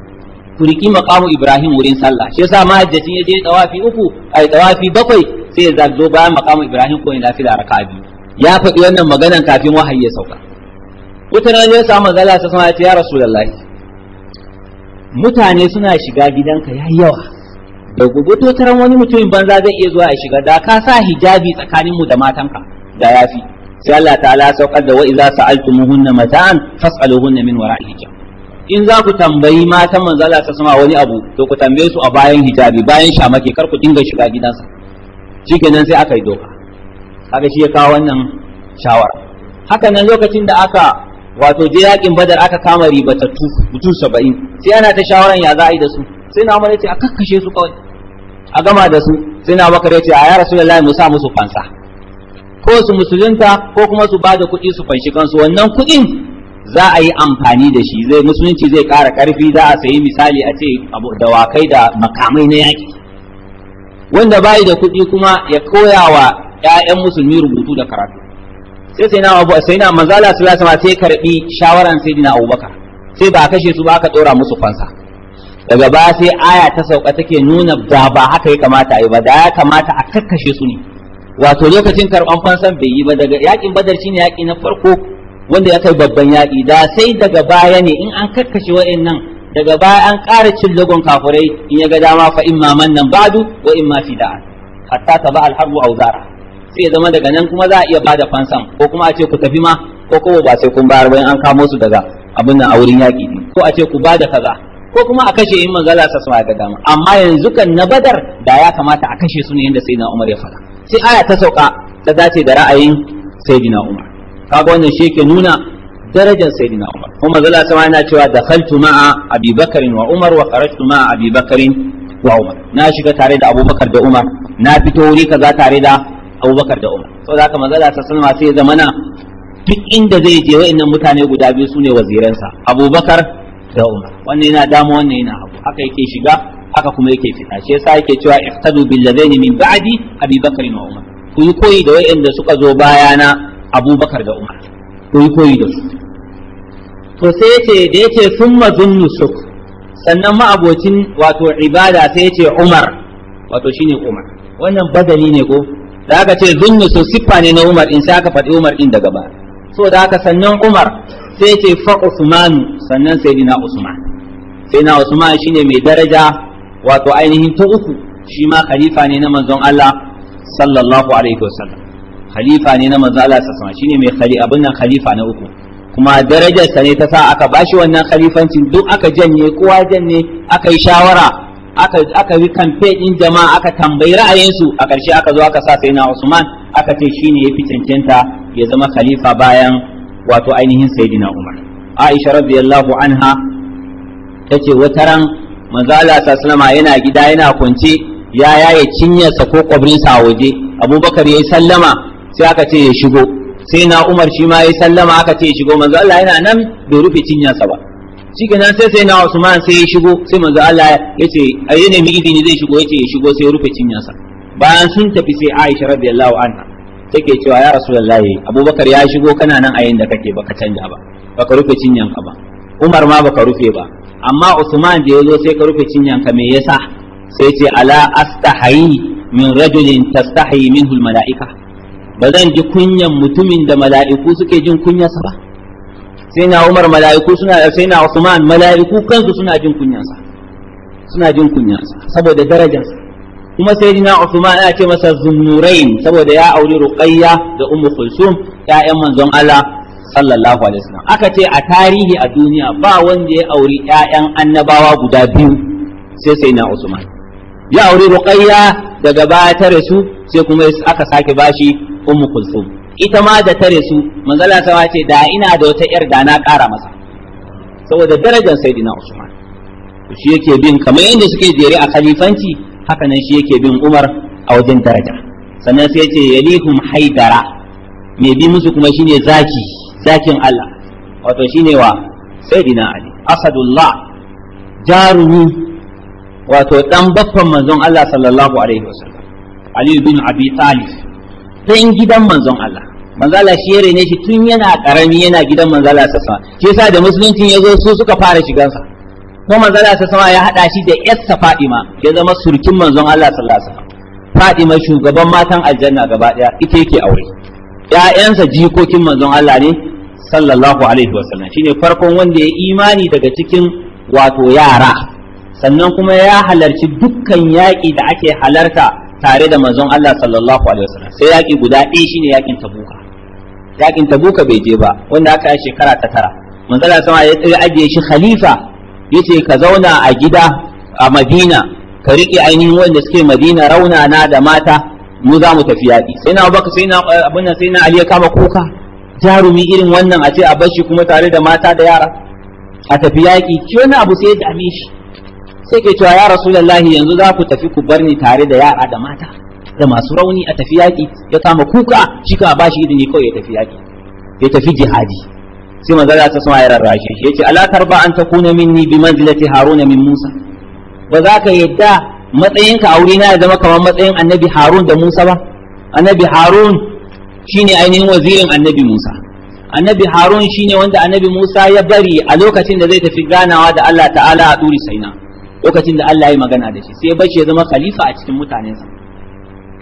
ku riƙi maqamu Ibrahim wurin sallah shi yasa mahajjacin ya je tawafi uku ai tawafi bakwai sai ya zazzo bayan maqamu Ibrahim ko in lafiya raka'a biyu ya faɗi wannan maganan kafin wahayi ya sauka wata rana ya samu manzala ta sama ya rasulullahi mutane suna shiga gidanka yayi yawa da gobe to taran wani mutumin banza zai iya zuwa ya shiga da ka sa hijabi tsakanin mu da matanka da yafi sai Allah ta'ala saukar da wa idza sa'altumuhunna mata'an fas'aluhunna min wara'i hijab in za ku tambayi matan manzo Allah ta sama wani abu to ku tambaye su a bayan hijabi bayan shamake kar ku dinga shiga gidansa shikenan sai aka yi doka kaga shi ya kawo wannan shawara haka nan lokacin da aka wato je yakin badar aka kama ribatattu mutum saba'in sai ana ta shawaran ya za a yi da su sai na umar ce a kakkashe su kawai a gama da su sai na bakare ce a ya rasulullahi mu sa musu fansa ko su musulunta ko kuma su ba da kuɗi su fanshi kansu wannan kuɗin za a yi amfani da shi zai musulunci zai ƙara ƙarfi za a sayi misali a ce dawakai da makamai na yaki. wanda bayi da kuɗi kuma ya koya wa 'ya'yan musulmi rubutu da karatu sai sai na abu sai na manzala sallallahu alaihi sai karbi shawaran sayyidina abubakar sai ba kashe su ba ka dora musu fansa daga ba sai aya ta sauka take nuna da ba haka ya kamata a yi ba da ya kamata a kakkashe su ne wato lokacin karban fansan bai yi ba daga yakin badar shine yaki na farko wanda ya kai babban yaƙi da sai daga baya ne in an kakkashe wa'annan daga baya an ƙara cin lagon kafurai in ya ga dama fa imma mannan badu wa fi da'a. hatta ta ba alharbu auzara sai ya zama daga nan kuma za a iya ba da fansan ko kuma a ce ku tafi ma ko kuma ba sai kun bayar bayan an kamo su daga abin nan a wurin yaƙi ne ko a ce ku da kaza ko kuma a kashe in manzala sa sama ga dama amma yanzu kan na badar da ya kamata a kashe su ne yadda sayyidina Umar ya faɗa sai aya ta sauka ta dace da ra'ayin sayyidina Umar kaga wannan shi yake nuna darajar sayyidina Umar kuma zalla sama yana cewa dakhaltu ma'a Abi Bakr wa Umar wa kharajtu ma'a Abi Bakr wa Umar na shiga tare da Abubakar da Umar na fito wuri kaza tare da Abubakar da Umar saboda haka manzo Allah sallallahu alaihi wasallam sai ya duk inda zai je wa'annan mutane guda biyu su ne waziransa abubakar da umar wannan yana dama wannan yana abu. haka yake shiga haka kuma yake fita shi yasa yake cewa iftadu bil ladaini min ba'di abubakar wa umar ku yi koyi da wa'anda suka zo bayana abubakar da umar koyi koyi da su to sai yace da yace summa zunnu su, sannan ma abocin wato ibada sai yace umar wato shine umar wannan badali ne ko da aka ce zunnu su siffa ne na umar in sai aka faɗi umar din daga ba so da aka sannan umar sai yace fa usman sannan sai dina usman sai na usman shine mai daraja wato ainihin ta uku shi ma khalifa ne na manzon Allah sallallahu alaihi wasallam khalifa ne na manzo Allah sallallahu alaihi shine mai khali abin nan khalifa na uku kuma darajarsa ne ta sa aka bashi wannan khalifancin duk aka janye kowa janye aka yi shawara aka aka yi campaign din jama'a aka tambayi ra'ayinsu a ƙarshe aka zo aka sa sai na Usman aka ce shine yafi cancanta ya zama khalifa bayan wato ainihin sayyidina Umar Aisha radiyallahu anha tace wata manzo Allah sallallahu alaihi yana gida yana kwance ya yaye cinyarsa ko kwabrinsa a waje Abubakar yayi sallama sai aka ce ya shigo sai na umar shi ma ya sallama aka ce ya shigo manzo Allah yana nan bai rufe cinyarsa ba nan sai sai na Usman sai ya shigo sai manzo Allah ya ce ayi ne mi idini zai shigo yace ya shigo sai ya rufe cinyarsa bayan sun tafi sai Aisha radiyallahu anha take cewa ya rasulullahi Abubakar ya shigo kana nan a yanda kake baka canja ba baka rufe ka ba Umar ma baka rufe ba amma Usman da yazo sai ka rufe ka me yasa sai ce ala astahayi min rajulin tastahi minhu al mala'ika ba zan ji kunyan mutumin da mala'iku suke jin kunyarsa ba sai na Umar mala'iku suna sai na Usman mala'iku kansu suna jin kunyarsa suna jin kunyarsa saboda darajarsa kuma sai na Usman ya ce masa zunnurain saboda ya auri Ruqayya da Ummu Kulsum ƴaƴan manzon Allah sallallahu alaihi wasallam aka ce a tarihi a duniya ba wanda ya auri ƴaƴan annabawa guda biyu sai sai na Usman ya auri Ruqayya daga baya ta rasu sai kuma aka sake bashi ummu kulsum ita ma da tare su manzala ta ce da ina da wata yar da na kara masa saboda darajar sayyidina usman shi yake bin kamar yadda suke jere a khalifanci haka nan shi yake bin umar a wajen daraja sannan sai yace yalihum haidara mai bi musu kuma shine zaki zakin Allah wato shine wa sayyidina ali asadullah jarumi wato dan baffan manzon Allah sallallahu alaihi wasallam ali bin abi talib ɗan gidan manzon Allah manzala shi yare ne shi tun yana karami yana gidan manzala sassama shi yasa da musuluncin ya zo su suka fara shigansa ko manzala sassama ya haɗa shi da yassa fadima ya zama surkin manzon Allah sallallahu alaihi fadima shugaban matan aljanna gaba daya ita yake aure 'ya'yansa jikokin manzon Allah ne sallallahu alaihi wasallam shine farkon wanda ya imani daga cikin wato yara sannan kuma ya halarci dukkan yaƙi da ake halarta tare da manzon Allah sallallahu alaihi wasallam sai yaki guda ɗaya shine yakin tabuka yakin tabuka bai je ba wanda aka yi shekara ta tara manzon Allah sama ya tsaya ajiye shi khalifa yace ka zauna a gida a Madina ka riƙe ainihin wanda suke Madina rauna na da mata mu za mu tafi yaƙi sai na baka sai na eh, abin nan sai na Ali ya kama kuka jarumi irin wannan a ce a bar shi kuma tare da mata da yara a tafi yaƙi ki wani abu sai ya dame shi sai ke cewa ya rasulullahi yanzu za ku tafi ku bar ni tare da yara da mata da masu rauni a tafi yaƙi ya kama kuka shi ka ba shi izini kawai ya tafi yaƙi ya tafi jihadi sai manzala ta sama ya rarrashe shi yace ala tarba an takuna minni bi manzilati haruna min musa ba za ka yadda matsayinka a wurina ya zama kamar matsayin annabi harun da musa ba annabi harun shine ainihin wazirin annabi musa annabi harun shine wanda annabi musa ya bari a lokacin da zai tafi ganawa da allah ta'ala a turi saina lokacin da Allah ya magana da shi sai bashi ya zama khalifa a cikin mutanensa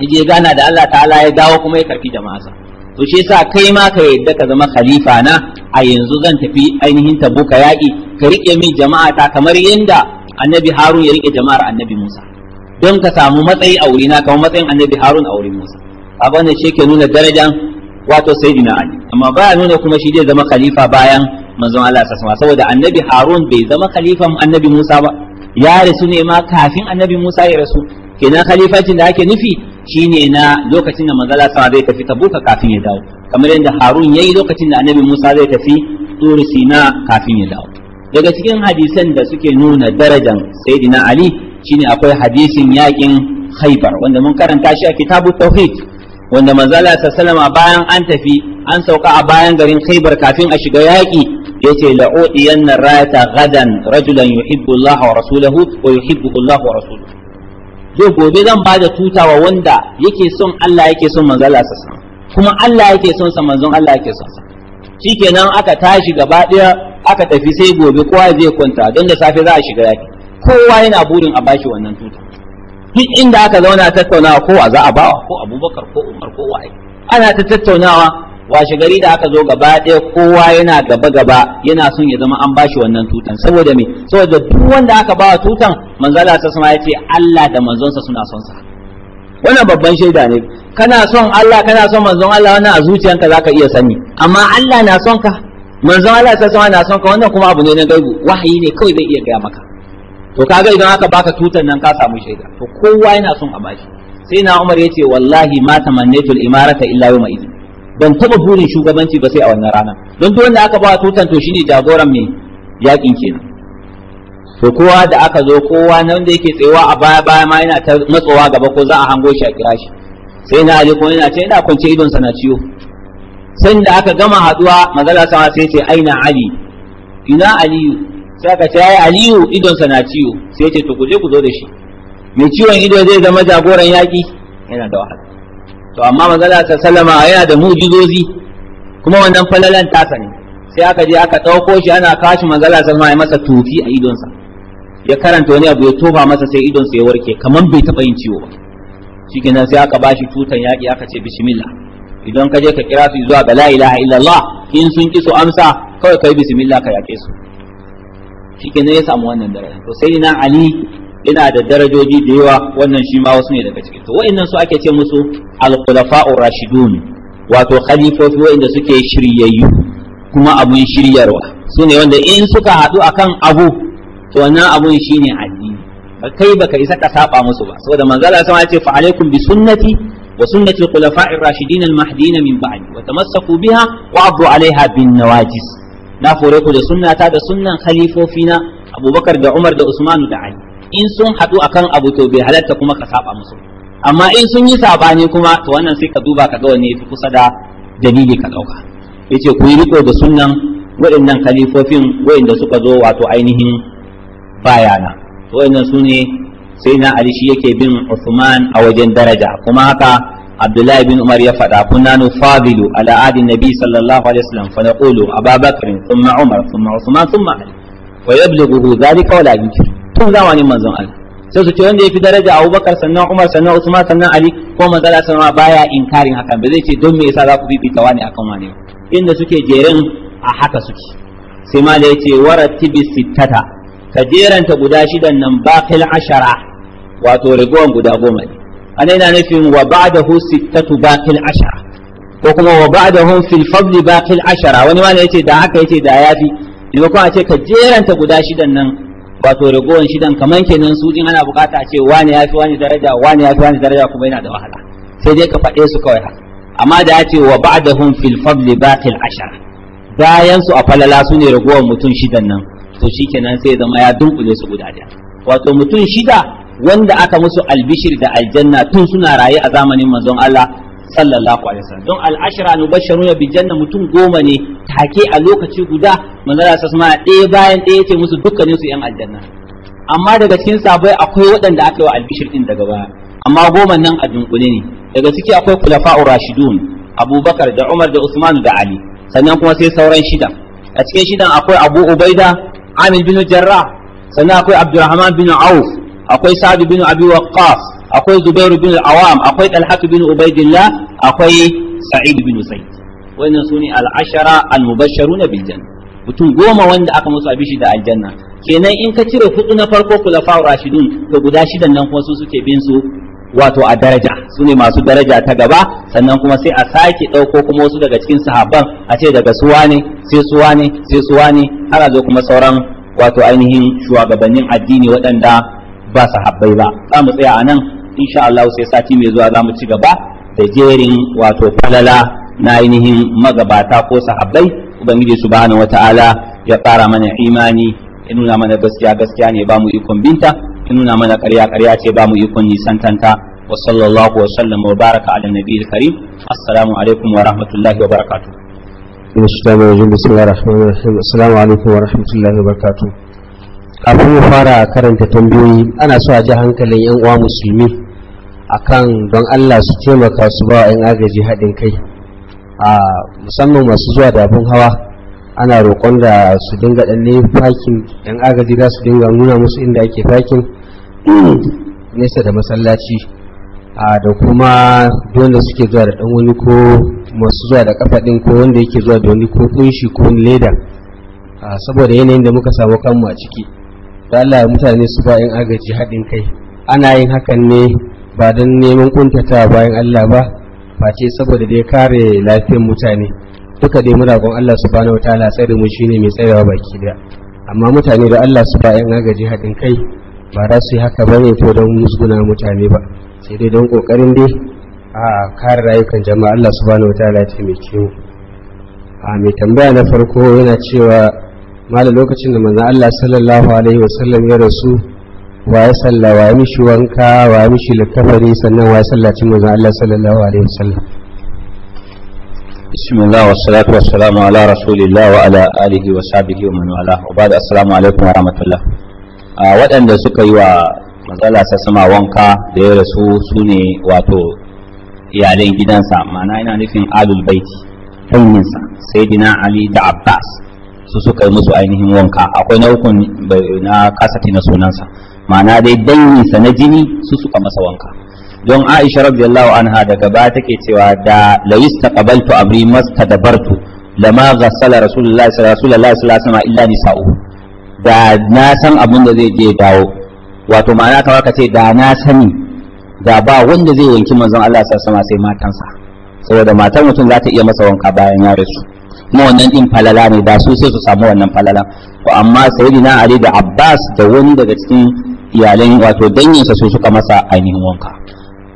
yaje gana da Allah ta'ala ya dawo kuma ya karfi jama'arsa to shi yasa kai ma ka yadda ka zama khalifa na a yanzu zan tafi ainihin tabuka yaƙi ka rike min jama'a ta kamar yanda annabi harun ya rike jama'ar annabi musa don ka samu matsayi a wurina kamar matsayin annabi harun a wurin musa abin da shi ke nuna darajan wato sayyidina ali amma baya nuna kuma shi zai zama khalifa bayan manzon Allah sallallahu alaihi saboda annabi harun bai zama khalifan annabi musa ba ya rasu ne ma kafin annabi Musa ya rasu kenan khalifancin da ake nufi shine na lokacin da manzala sama zai tafi tabuka kafin ya dawo kamar yadda harun yayi lokacin da annabi musa zai tafi turi sina kafin ya dawo daga cikin hadisan da suke nuna darajan sayyidina ali shine akwai hadisin yakin khaybar wanda mun karanta shi a kitabu tauhid wanda manzala sallama bayan an tafi an sauka a bayan garin khaybar kafin a shiga yaki yace la na rata gadan rajulan yuhibbu Allah wa rasuluhu wa yuhibbu Allah wa rasuluhu Do gobe zan bada tutawa wanda yake son Allah yake son manzon Allah sa kuma Allah yake son sa manzon Allah yake son sa shikenan aka tashi gaba daya aka tafi sai gobe kowa zai kwanta don da safe za a shiga yaki kowa yana burin a bashi wannan tuta duk inda aka zauna tattaunawa kowa za a bawa ko Abubakar ko Umar ko waye ana ta tattaunawa washe gari da aka zo gaba ɗaya kowa yana gaba gaba yana son ya zama an bashi wannan tutan saboda me saboda duk wanda aka bawa tutan manzala ta sama yace Allah da manzonsa suna son sa wannan babban shaida ne kana son Allah kana son manzon Allah wannan a zuciyanka zaka iya sani amma Allah na son ka manzon Allah ta sama na son ka wannan kuma abu ne na gaibu wahayi ne kawai zai iya gaya maka to kaga idan aka baka tutan nan ka samu shaida to kowa yana son a bashi sai na Umar yace wallahi ma tamannitul imarata illa yawma idin ban taba burin shugabanci ba sai a wannan rana don duk wanda aka ba tutan to shine jagoran mai yakin kenan to kowa da aka zo kowa nan da yake tsayawa a baya baya ma yana ta matsowa gaba ko za a hango shi a kira shi sai na ali kuma yana ce ina kwance idon sa na ciwo sai da aka gama haduwa magana sama sai ce aina ali ina aliyu sai aka ce ai aliyu idon sa na ciwo sai ce to ku je ku zo da shi mai ciwon ido zai zama jagoran yaki yana da wahala to amma magana ta sallama yana da mu'jizozi kuma wannan falalan tasa ne sai aka je aka ɗauko shi ana kashi magana sallama ya masa tufi a idonsa ya karanta wani abu ya tofa masa sai idonsa ya warke kamar bai taɓa yin ciwo ba shikenan sai aka bashi tutan yaƙi aka ce bismillah idan ka je ka kira su zuwa ga la ilaha illallah in sun ki su amsa kawai kai bismillah ka yaƙe su shikenan ya samu wannan daraja to sai na ali ina da darajoji da yawa wannan shi ma wasu ne daga cikin to wa'annan su ake ce musu al-khulafa'ur rashidun wato khalifofi wa'anda suke shiryayyu kuma abun shiryarwa su ne wanda in suka haɗu kan abu to wannan abun shi ne addini kai baka isa ka saba musu ba saboda manzala sama ya ce fa alaikum bi sunnati wa sunnati al-khulafa'ir rashidin al-mahdiyyin min ba'di wa tamassaku biha wa 'addu 'alayha bin nawajis na fure ku da sunnata da sunnan khalifofina abubakar da umar da usmanu da ali in sun haɗu akan abu to bai halatta kuma ka saba musu amma in sun yi sabani kuma to wannan sai ka duba ka ga wanne yafi kusa da dalili ka ɗauka yace ku yi riko da sunnan waɗannan kalifofin waɗanda suka zo wato ainihin bayana waɗannan su ne sai na Ali shi yake bin Uthman a wajen daraja kuma haka Abdullahi bin Umar ya faɗa kunna nufabilu ala adin nabi sallallahu alaihi wasallam fa naqulu Abubakar thumma Umar thumma Uthman thumma Ali wa yablughu dhalika wala la tun zamanin manzon Allah sai su ce wanda ya fi daraja Abubakar sannan Umar sannan Usman sannan Ali ko manzon Allah sannan baya inkarin hakan ba zai ce don me yasa za ku fifita wani akan wani inda suke jerin a haka suke sai ma da yace waratibi sittata ka jeranta guda shidan nan baqil ashara wato rigowan guda goma ne ana yana nufin wa ba'dahu sittatu baqil ashara ko kuma wa ba'dahum fil fadl baqil ashara wani ma yace da haka yace da yafi ne ko a ce ka jeranta guda shidan nan wato ragowar shidan kaman kenan su din ana bukata ce wani ya fi wani daraja wani ya fi wani daraja kuma yana da wahala sai dai ka faɗe su kawai amma da ya ce wa ba'dahum fil fadli baqil ashar bayan su a falala su ne ragowar mutum shidan nan to shikenan sai zama ya dunkule su guda da wato mutum shida wanda aka musu albishir da aljanna tun suna raye a zamanin manzon Allah sallallahu alaihi wasallam don al'ashra nubashiruna bi janna mutum goma ne take a lokaci guda manzo Allah sallallahu ɗaya bayan ɗaya ce musu dukkanin su yan aljanna amma daga cikin sabai akwai waɗanda aka yi wa albishir din daga baya amma goma nan a dunkule ne daga ciki akwai khulafa'ur rashidun abubakar da umar da usman da ali sannan kuma sai sauran shida a cikin shidan akwai abu ubaida amil bin jarrah sannan akwai abdurrahman bin auf akwai Sadi bin abi waqqas akwai Zubairu bin Awam akwai Talhat bin Ubaidillah akwai Sa'id bin Usayd wannan sune al-ashara al-mubashsharuna bil janna mutum goma wanda aka musu abishi da aljanna kenan in ka cire hudu na farko kulafa'ur rashidun to guda shidan nan kuma su suke bin su wato a daraja su ne masu daraja ta gaba sannan kuma sai a sake ɗauko kuma wasu daga cikin sahabban a ce daga suwa ne sai suwa ne sai suwa ne har a zo kuma sauran wato ainihin shugabannin addini waɗanda ba sahabbai ba za mu tsaya a nan insha Allah sai sati mai zuwa za mu ci gaba da jerin wato falala na ainihin magabata ko sahabbai ubangiji subhanahu wataala ya fara mana imani ya nuna mana gaskiya gaskiya ne ba mu ikon binta ya nuna mana ƙarya ƙarya ce ba mu ikon nisantanta wa sallallahu wa sallam wa baraka ala nabiyil karim assalamu alaikum wa rahmatullahi wa barakatuh Assalamu alaikum wa rahmatullahi wa barakatuh. kafin mu fara karanta tambayoyi ana so a ji hankalin 'yan uwa musulmi akan don Allah su taimaka su ba yan agaji haɗin kai a musamman masu zuwa da abin hawa ana roƙon da su dinga ɗan ne fakin yan agaji za su dinga nuna musu inda ake fakin nesa da masallaci a da kuma wanda suke zuwa da ɗan wani ko masu zuwa da kafa ɗin ko wanda yake zuwa da wani ko kunshi ko leda saboda yanayin da muka samu kanmu a ciki da Allah mutane su ba yan agaji haɗin kai ana yin hakan ne ba don neman kuntata bayan Allah ba face saboda dai ya kare lafiyar mutane duka dai muna gon Allah subhanahu wataala tsare mu shine mai tsayawa baki daya amma mutane da Allah su ba yan agaji haɗin kai ba za su yi haka ba ne to don musguna mutane ba sai dai don kokarin dai a kare rayukan jama'a Allah subhanahu wataala ya mai kiwo a mai tambaya na farko yana cewa malam lokacin da manzon Allah sallallahu alaihi wasallam ya rasu wa ya salla wa ya mishi wanka wa ya mishi littafari sannan wa ya sallaci manzon Allah sallallahu alaihi wasallam ala الله wa ala alihi wa sahbihi wa man wala wa ba'da assalamu alaikum wa rahmatullah a waɗanda suka yi wa matsala ta sama wanka da ya rasu su ne wato iyalin gidansa ma'ana yana nufin alul baiti hanyinsa sai dina ali da abbas su suka yi musu ainihin wanka akwai na ukun na kasati na sunansa ma'ana dai sa na jini su suka masa wanka don aisha radiyallahu anha daga ba take cewa da lais taqabaltu amri dabartu lama ghassala rasulullahi sallallahu alaihi wasallam illa nisa'u da na san abin da zai je dawo wato ma'ana ta waka ce da na sani da ba wanda zai wanki manzon Allah sallallahu alaihi sai matansa saboda matar mutum za ta iya masa wanka bayan ya rasu kuma wannan din falala ne da su sai su samu wannan falalan to amma sayyidina Ali da Abbas da wani daga cikin iyalan wato danginsa su suka masa ainihin wanka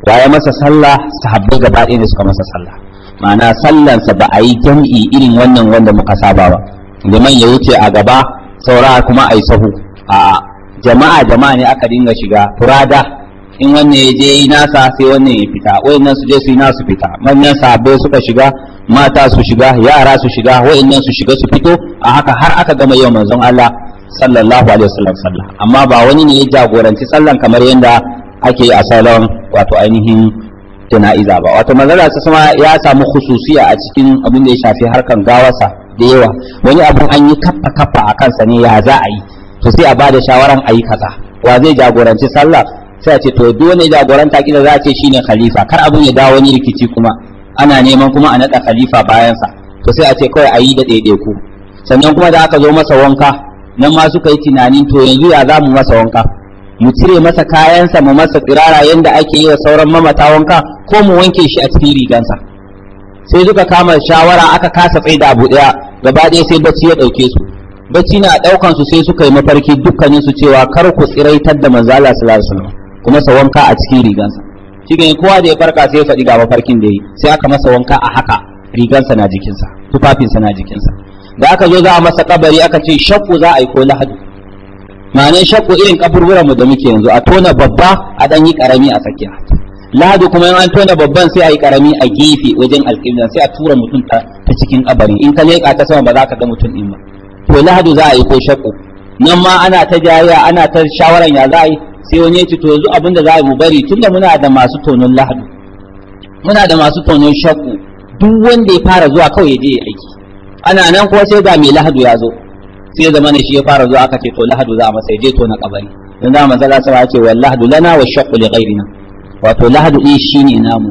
waye masa sallah sahabbai gaba ɗaya da suka masa sallah ma'ana sallansa ba a yi jam'i irin wannan wanda muka saba ba liman ya wuce a gaba saura kuma a yi sahu a jama'a jama'a ne aka dinga shiga furada in wannan ya je yi nasa sai wannan ya fita wayannan su je su yi nasu fita manyan sahabbai suka shiga mata su shiga yara su shiga wayannan su shiga su fito a haka har aka gama yau manzon Allah sallallahu alaihi wasallam sallah amma ba wani ne ya jagoranci sallan kamar yadda ake a salon wato ainihin jana'iza ba wato manzara ta sama ya samu khususiya a cikin abin da ya shafi harkan gawarsa da yawa wani abun an yi kappa kappa a kansa ne ya za a yi to sai a bada shawaran a yi kaza wa zai jagoranci sallah sai a ce to duk wani jagoranta kila za a ce shine khalifa kar abun ya da wani rikici kuma ana neman kuma a naɗa khalifa bayansa to sai a ce kawai a yi da ɗaiɗaiku sannan kuma da aka zo masa wanka nan ma suka yi tunanin to yanzu ya za mu masa wanka mu cire masa kayansa mu masa tsirara yadda ake yi wa sauran mamata wanka ko mu wanke shi a cikin rigansa sai suka kama shawara aka kasa tsaye da abu daya gaba ɗaya sai bacci ya ɗauke su bacci na daukan su sai suka yi mafarki dukkanin su cewa kar ku tsiraitar da manzo Allah sallallahu alaihi wasallam kuma sa wanka a cikin rigansa shi kowa da ya farka sai ya faɗi ga mafarkin da yi sai aka masa wanka a haka rigansa na jikinsa tufafinsa na jikinsa da aka zo za a masa kabari aka ce shakku za a yi ko lahadu ma'anar shakku irin kaburburan mu da muke yanzu a tona babba a dan yi karami a tsakiya lahadu kuma in an tona babban sai a yi karami a gefe wajen alƙibla sai a tura mutum ta cikin kabari in ka leƙa ta sama ba za ka ga mutum din ba to lahadu za a yi ko shakku nan ma ana ta jariya ana ta shawaran ya za a yi sai wani ya to yanzu abinda za a yi mu bari tunda muna da masu tonon lahadu muna da masu tonon shakku duk wanda ya fara zuwa kawai ya je ya aiki ana nan ko sai ga mai lahadu ya zo sai zama ne shi ya fara zuwa aka ce to lahadu za a masa je to na kabari dan da manzo sai ake wal lahadu lana wa shaqqu li ghayrina wato lahadu din shine namu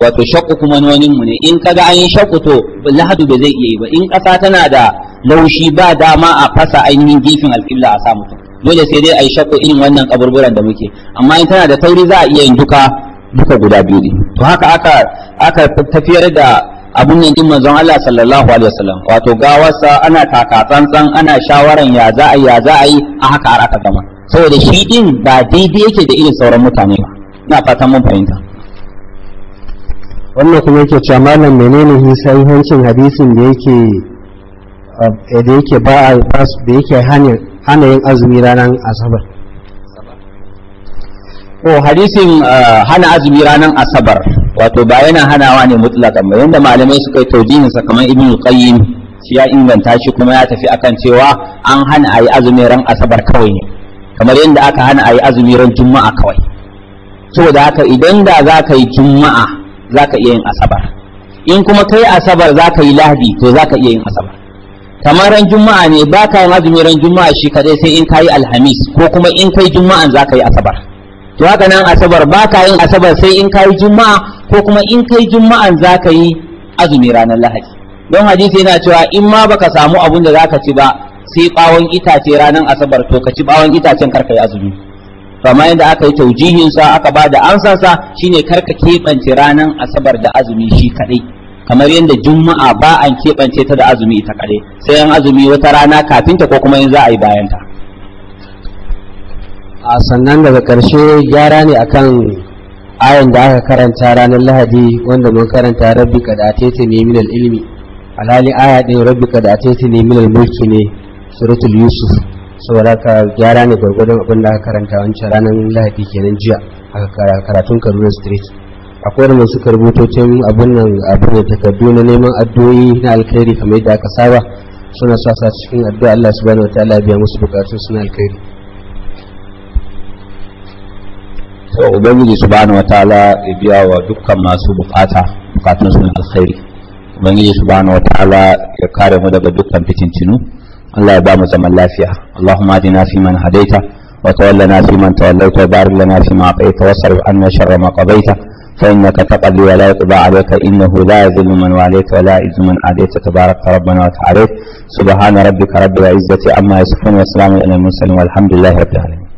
wato shaqqu kuma nonin mu ne in kaga an yi shaqqu to lahadu ba zai iya yi ba in kasa tana da laushi ba dama a fasa ainihin gifin alƙibla a sa mutum dole sai dai a yi shaqqu irin wannan kaburburan da muke amma in tana da tauri za a iya yin duka duka guda biyu ne to haka aka aka tafiyar da abun nan din manzon Allah sallallahu alaihi wasallam wato gawarsa ana taka tsantsan ana shawaran ya za a ya za a yi a haka har aka gama saboda shi din ba daidai yake da irin sauran mutane ba ina fatan mun fahimta wannan kuma yake cewa malam menene sahihancin hadisin da yake eh, da yake ba da yake hana yin azumi ranar asabar ko oh, hadisin eh, hana azumi ranar asabar wato ba yana hanawa ne mutlaka mai yadda malamai suka yi taujihin sa kamar Ibn qayyim shi ya inganta shi kuma ya tafi akan cewa an hana ayi azumi ran asabar kawai ne kamar yadda aka hana ayi azumi ran juma'a kawai saboda haka idan da za ka yi juma'a za ka iya yin asabar in kuma kai asabar za ka yi lahadi to za ka iya yin asabar kamar ran juma'a ne ba ka yin azumi ran juma'a shi kadai sai in ka yi alhamis ko kuma in kai juma'an za ka yi asabar to haka nan asabar ba ka yin asabar sai in ka yi juma'a ko kuma in kai juma'an za ka yi azumi ranar lahadi don hadisi yana cewa in ma baka samu abun da za ka ci ba sai bawon itace ranar asabar to ka ci bawon itacen karka yi azumi amma yadda aka yi taujihin sa aka ba da ansa sa shine karka keɓance ranar asabar da azumi shi kadai kamar yadda juma'a ba an keɓance ta da azumi ita kadai sai an azumi wata rana kafin ta ko kuma yin za a yi bayan a sannan daga ƙarshe gyara ne akan ayan da aka karanta ranar lahadi wanda mun karanta rabbi ka da atete ne minal ilmi alhali aya din rabbi ka da atete ne minal mulki ne suratul yusuf saboda ka gyara ne gwargwadon abin da aka karanta wancan ranar lahadi kenan jiya a karatun kaduna street akwai wanda suka rubuto tun abin nan abin da takardu na neman addu'o'i na alkhairi kamar yadda aka saba suna sa cikin addu'a Allah subhanahu wataala biya musu bukatun suna alkhairi to ubangiji subhanahu wataala ya biya wa dukkan masu bukata bukatun su alkhairi ubangiji subhanahu wataala ya kare mu daga dukkan fitintinu Allah ya ba mu zaman lafiya Allahumma adina fi man hadaita wa tawallana fi man tawallaita wa barik lana fi ma ataita wa sarif anna sharra ma qadaita fa innaka taqdi wa فإنك تقضي ولا يقضى عليك إنه لا يذل من واليت ولا يعز من عاديت تبارك ربنا وتعاليت سبحان ربك رب العزة عما يصفون وسلام على المرسلين mursalin walhamdulillahi rabbil alamin